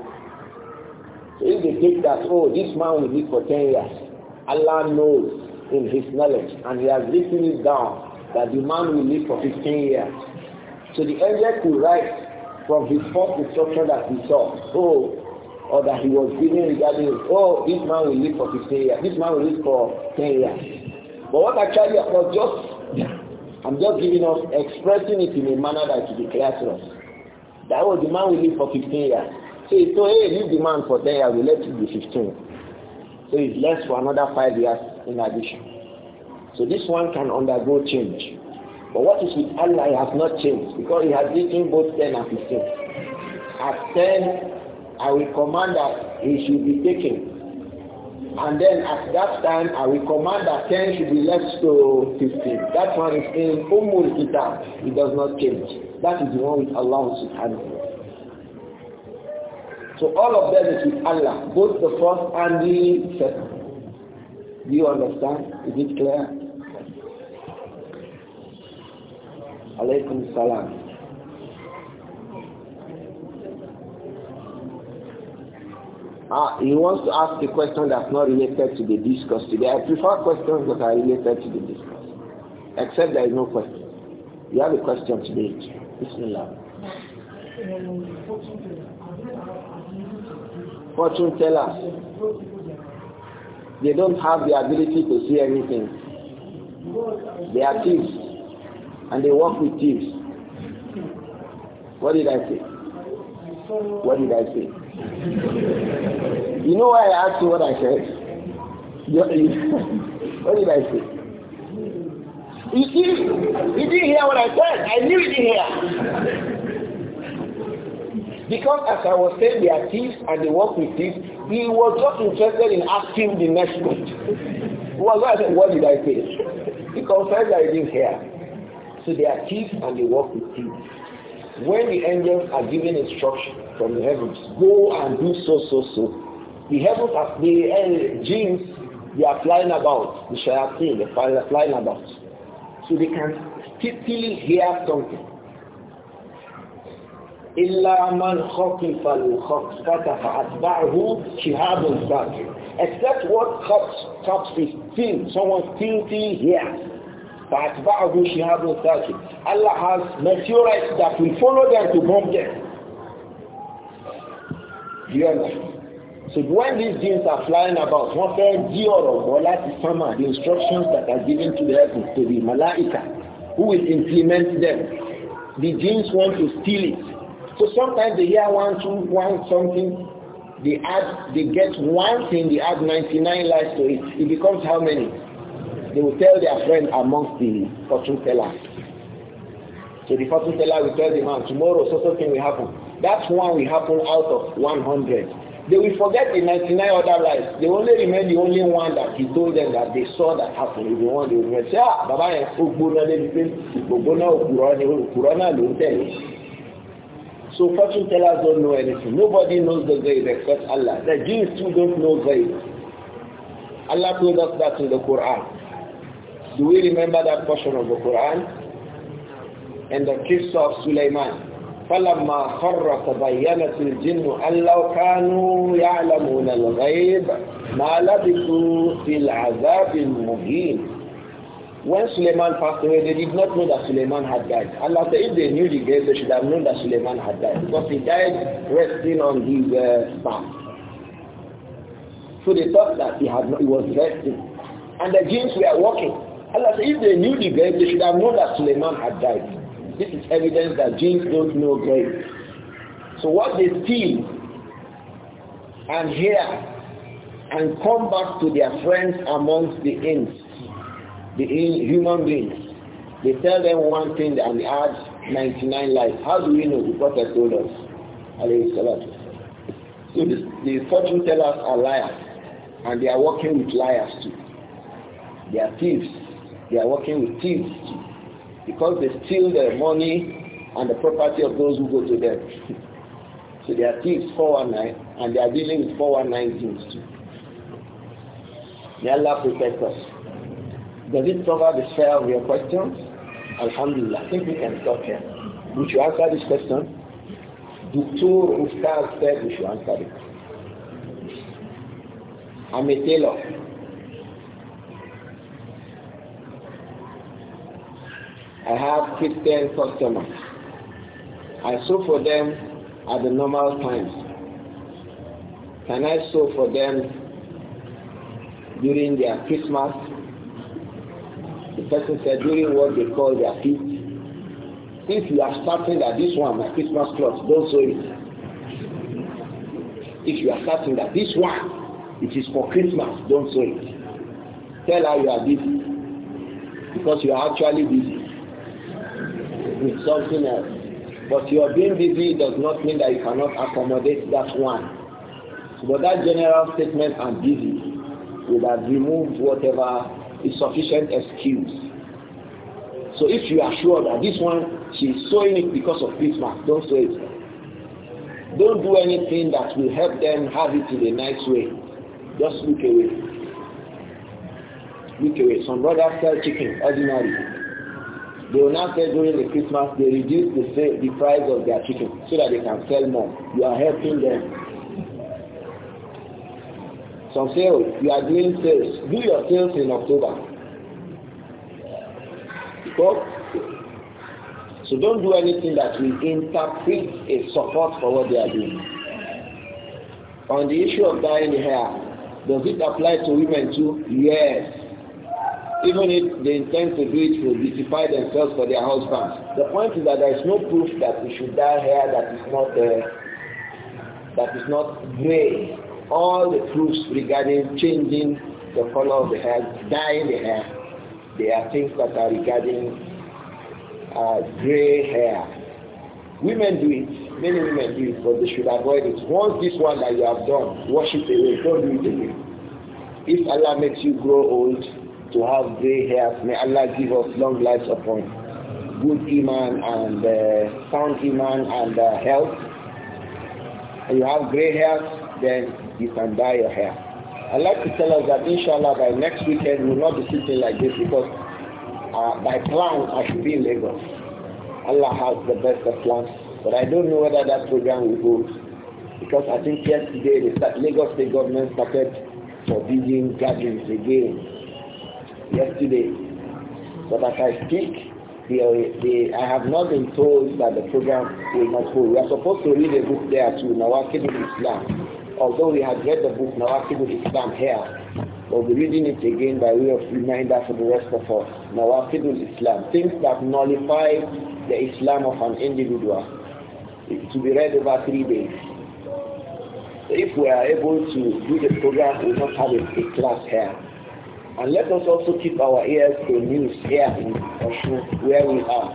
So if they take that, oh, this man will live for 10 years, Allah knows in his knowledge and he has written it down that the man will live for 15 years. So the angel could write from his first instruction that he saw. Oh, or that he was given regarding, oh, this man will live for 15 years, this man will live for 10 years. But what actually was just, I'm just giving us, expressing it in a manner that clear to us. That was the man will live for 15 years. So he told, hey, leave the man for 10 years, we let you be 15. So he's left for another 5 years in addition. So this one can undergo change. But what is with Allah, he has not changed because he has written both 10 and 15. At 10, I will command that he should be taken. And then at that time, I will command that 10 should be left to 15. That one is in Umul Kitab. It does not change. That is the one with Allah subhanahu wa So all of them is with Allah, both the first and the second. Do you understand? Is it clear? Alaykum salam. Ah, he wants to ask a question that's not related to the discourse today. I prefer questions that are related to the discourse. Except there is no question. You have a question today. Bismillah. Fortune tellers. They don't have the ability to see anything. They are thieves and they work with thieves. What did I say? What did I say? you know why I asked you what I said? what did I say? You see, you didn't hear what I said. I knew you didn't hear. Because as I was saying, they are thieves and they work with thieves, he was not interested in asking the next question. was what did I say? He confessed that he didn't hear. So they are thieves and they work with thieves. When the angels are given instruction from the heavens, go and do so, so, so. The heavens are the uh, eh, genes, they are flying about, the shayateen, they are flying about. So they can still hear something. إلا من خطف الخطفة فأتبعه شهاب ساكن except what cups, cups is still, Someone's filthy here. فَأَتْبَعَهُ شِهَابُ السَّاكِبِ Allah has meteorites that will follow them to bomb them. you understand? So when these things are flying about, what fẹ́ jí ọ̀rọ̀ bọ́ láti the instructions that are given to the heavens to the malaika who will implement them. The jinns want to steal it. So sometimes they hear one, two, one something, they add, they get one thing, they add 99 lies to it. It becomes how many? they will tell their friend amongst the fortune tellers. So the fortune teller will tell the man, tomorrow so something will happen. That one will happen out of 100. They will forget the 99 other lives. They only remember the only one that he told them that they saw that happen. If the one they will say, ah, Baba, Ogbona, Ogbona, Okurana, Okurana, so fortune tellers don't know anything. Nobody knows the grave except Allah. The Jews too don't know grave. Allah told us that in the Quran. Do we remember that portion of the Quran? And the kiss of Sulaiman. فلما خر تبينت الجن أن كانوا يعلمون الغيب ما لبثوا في العذاب المهين when Suleiman passed away, they did not know that Suleiman had died. Allah said, if they knew the grave, they should have known that Suleiman had died. Because he died resting on his uh, back. So they thought that he, had not, he was resting. And the jinns were walking. Allah said, if they knew the grave, they should have known that Suleiman had died. This is evidence that jinns don't know grave. So what they steal and hear and come back to their friends amongst the inns, the in, human beings, they tell them one thing and add 99 lies. How do we know? The Prophet told us. So the fortune tellers are liars and they are working with liars too. They are thieves. They are working with thieves because they steal the money and the property of those who go to them. so they are thieves 419 and they are dealing with 419 thieves too. May Allah protect us. Does it cover the sphere of your questions? Alhamdulillah. I think we can stop here. Would you answer this question? Dr. Ustaz said we should answer it. I'm a tailor. I have fifteen customers. I sew for them at the normal times. Can I sew for them during their Christmas? The person said during what they call their feast. If you are starting that this one, my Christmas cloth, don't sew it. If you are starting that this one, it is for Christmas, don't sew it. Tell her you are busy because you are actually busy with something else. But your being busy does not mean that you cannot accommodate that one. But that general statement, I'm busy, would have removed whatever is sufficient excuse. So if you are sure that this one, she's sowing it because of Christmas, don't sow it. Don't do anything that will help them have it in a nice way. Just look away. Look away. Some brothers sell chicken, ordinary. They will now say during the Christmas, they reduce the, the price of their chicken so that they can sell more. You are helping them. Some sales, oh, you are doing sales. Do your sales in October. Because, so don't do anything that will interpret a support for what they are doing. On the issue of dying hair, does it apply to women too? Yes even if they intend to do it to beautify themselves for their husbands. The point is that there is no proof that we should dye hair that is not uh, that is not gray. All the proofs regarding changing the color of the hair, dyeing the hair, they are things that are regarding uh, gray hair. Women do it, many women do it, but they should avoid it. Once this one that you have done, wash it away, don't do it again. If Allah makes you grow old, to have gray health. May Allah give us long lives upon good iman and uh, sound iman and uh, health. And you have gray health, then you can dye your hair. I'd like to tell us that inshallah by next weekend we'll not be sitting like this because uh, by plan I should be in Lagos. Allah has the best of plans. But I don't know whether that program will go because I think yesterday the Lagos state government started forbidding gatherings again yesterday. But as I speak, I have not been told that the program will not hold. We are supposed to read a book there too, Nawakibul Islam. Although we had read the book Nawakibul Islam here, we'll be reading it again by way of reminder for the rest of us. Nawakibul Islam, things that nullify the Islam of an individual. to be read over three days if we are able to do the program, we will not have a, a class here. And let us also keep our ears to news here in Oshun where we are.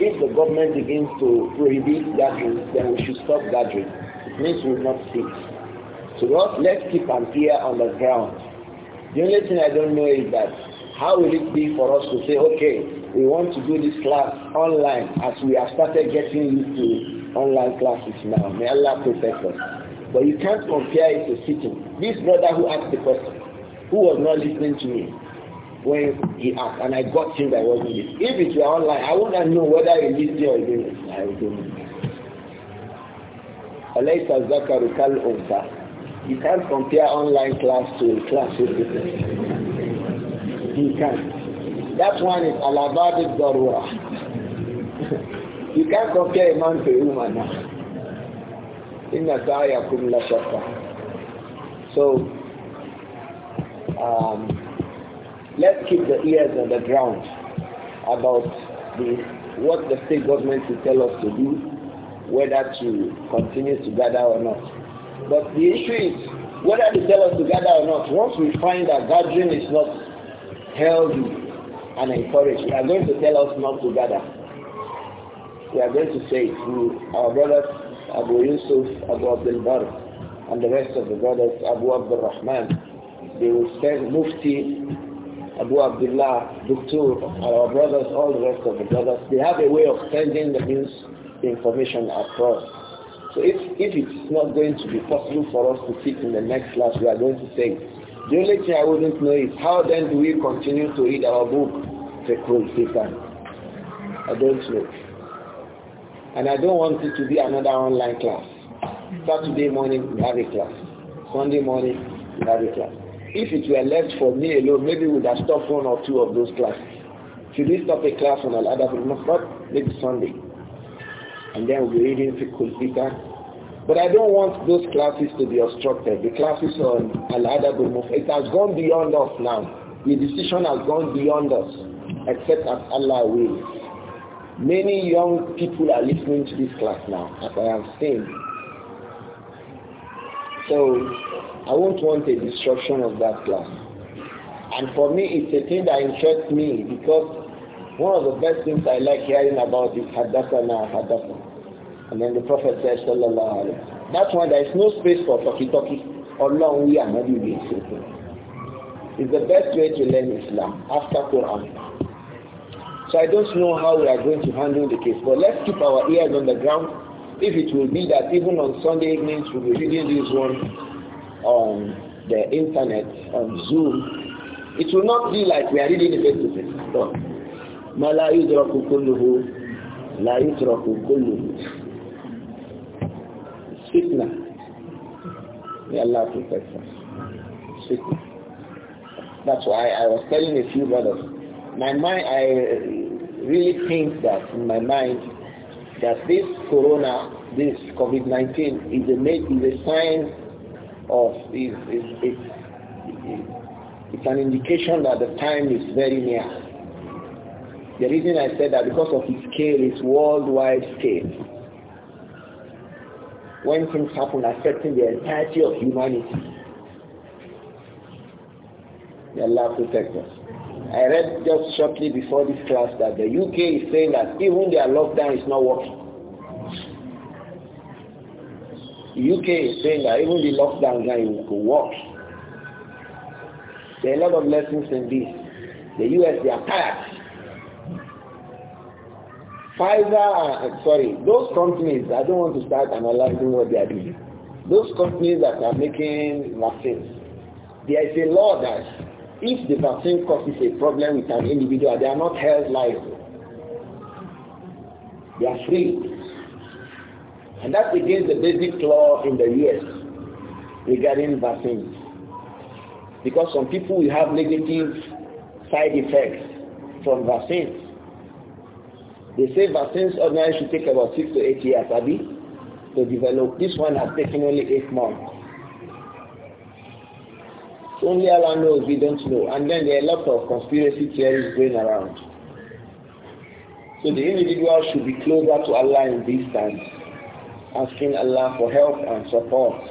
If the government begins to prohibit gatherings, then we should stop gathering. It means we will not speak. So not, let's keep an ear on the ground. The only thing I don't know is that how will it be for us to say, okay, we want to do this class online as we have started getting used to online classes now. May Allah protect us. But you can't compare it to sitting. This brother who asked the question, who was not listening to me when he asked, and I got him that wasn't it. If it were online, I wouldn't know whether he listened or didn't. I don't know. You can't compare online class to class with You can't. That one is alabad darura. You can't compare a man to a woman now. إن سعيكم لشتى. So um, let's keep the ears on the ground about the, what the state government will tell us to do, whether to continue to gather or not. But the issue is whether they tell us to gather or not, once we find that gathering is not healthy and encouraged, they are going to tell us not to gather. We are going to say to our brothers Abu Yusuf, Abu Abdul Bar, and the rest of the brothers Abu Abdul Rahman, they will send Mufti, Abu Abdullah, Duktur, our brothers, all the rest of the brothers. They have a way of sending the news, information across. So if, if it's not going to be possible for us to sit in the next class, we are going to say, the only thing I wouldn't know is how then do we continue to read our book, the Quran. I don't know. And I don't want it to be another online class. Saturday morning, we have a class. Sunday morning, we have a class. If it were left for me alone, maybe we would have stopped one or two of those classes. Should we stop a class on Al-Adab al-Mufrad? Maybe Sunday. And then we'll be reading Fiqhul Fiqh. But I don't want those classes to be obstructed. The classes on Al-Adab mufrad it has gone beyond us now. The decision has gone beyond us, except as Allah wills. Many young people are listening to this class now, as I am saying. So I won't want a destruction of that class. And for me, it's a thing that interests me because one of the best things I like hearing about is and hadassah. And then the Prophet said, Sallallahu Alaihi Wasallam. That's why there is no space for talkie-talkie or long we are not doing It's the best way to learn Islam after Quran. So I don't know how we are going to handle the case, but let's keep our ears on the ground if it will be that even on Sunday evenings we'll be reading this one on the internet, on Zoom, it will not be like we are reading it face to face. No. ما لا يدرك كله لا يترك كله فتنة May Allah protect us. Fitna. That's why I was telling a few brothers. My mind, I really think that in my mind, that this corona, this COVID-19 is a, is a sign of, is, is, is, is, it's an indication that the time is very near. The reason I said that because of its scale its worldwide scale. When things happen affecting the entirety of humanity, Allah protect us. I read just shortly before this class that the UK is saying that even their lockdown is not working. The UK is saying that even the lockdown now not work. There are a lot of lessons in this. The US, they are tired. Pfizer, sorry, those companies, I don't want to start analyzing what they are doing. Those companies that are making vaccines, there is a law that if the vaccine causes a problem with an individual, they are not held liable. They are free. And that's against the basic law in the US regarding vaccines. Because some people will have negative side effects from vaccines. They say vaccines ordinarily should take about six to eight years, Abby, to develop. This one has taken only eight months. Only Allah knows, we don't know. And then there are lots of conspiracy theories going around. So the individual should be closer to Allah in these times, asking Allah for help and support.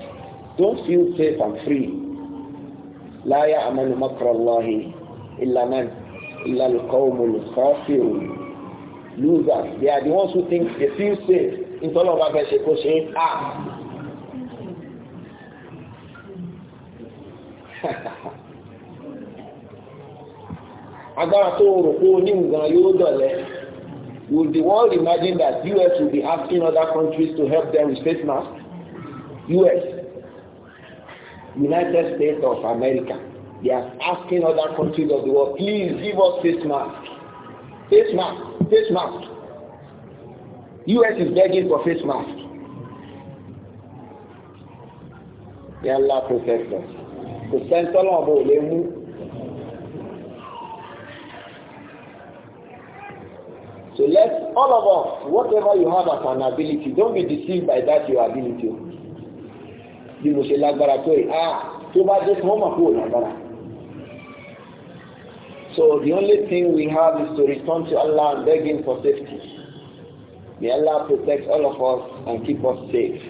Don't feel safe and free. لا يأمن مكر الله إلا من إلا القوم الخاسرون Losers, they are the ones who think they feel safe. It's all they say, ah, agbára tó rò pé ó ní nǹkan yóò dọ̀lẹ́ Will the world imagine that US will be asking other countries to help them with face masks? US, United States of America, they are asking other countries of the world, please give us face mask, Face mask, face mask. US is begging for face masks. May Allah protect us kò sẹ́ńtọ́lọ́ ọ̀bọ̀ ò lè mú. So let all of us, whatever you have as an ability, don't be deceived by that your ability. Bí mo ṣe lágbára tó yìí, ah, tó bá dé fún ọmọ kúrò lágbára. So the only thing we have is to return to Allah and beg Him for safety. May Allah protect all of us and keep us safe.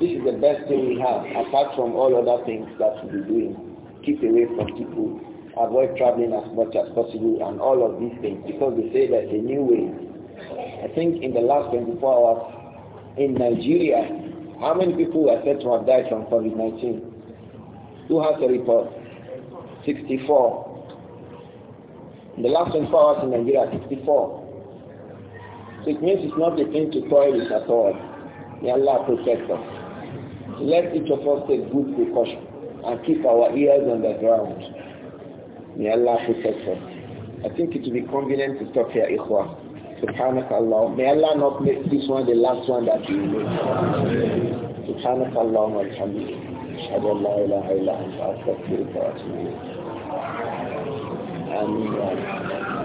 This is the best thing we have, apart from all other things that we we'll be doing. Keep away from people, avoid traveling as much as possible, and all of these things, because they say there's a new way. I think in the last 24 hours in Nigeria, how many people were said to have died from COVID-19? Who has the report? 64. In the last 24 hours in Nigeria, 64. So it means it's not a thing to toy with at all. May Allah protect us. Let each of us take good precaution and keep our ears on the ground. May Allah protect us. I think it will be convenient to talk here, Ikhwa. Subhanakallah. May Allah not make this one the last one that we make. Subhanakallah wa alhamdulillah. أشهد أن لا إله إلا أنت أستغفرك وأتوب إليك. آمين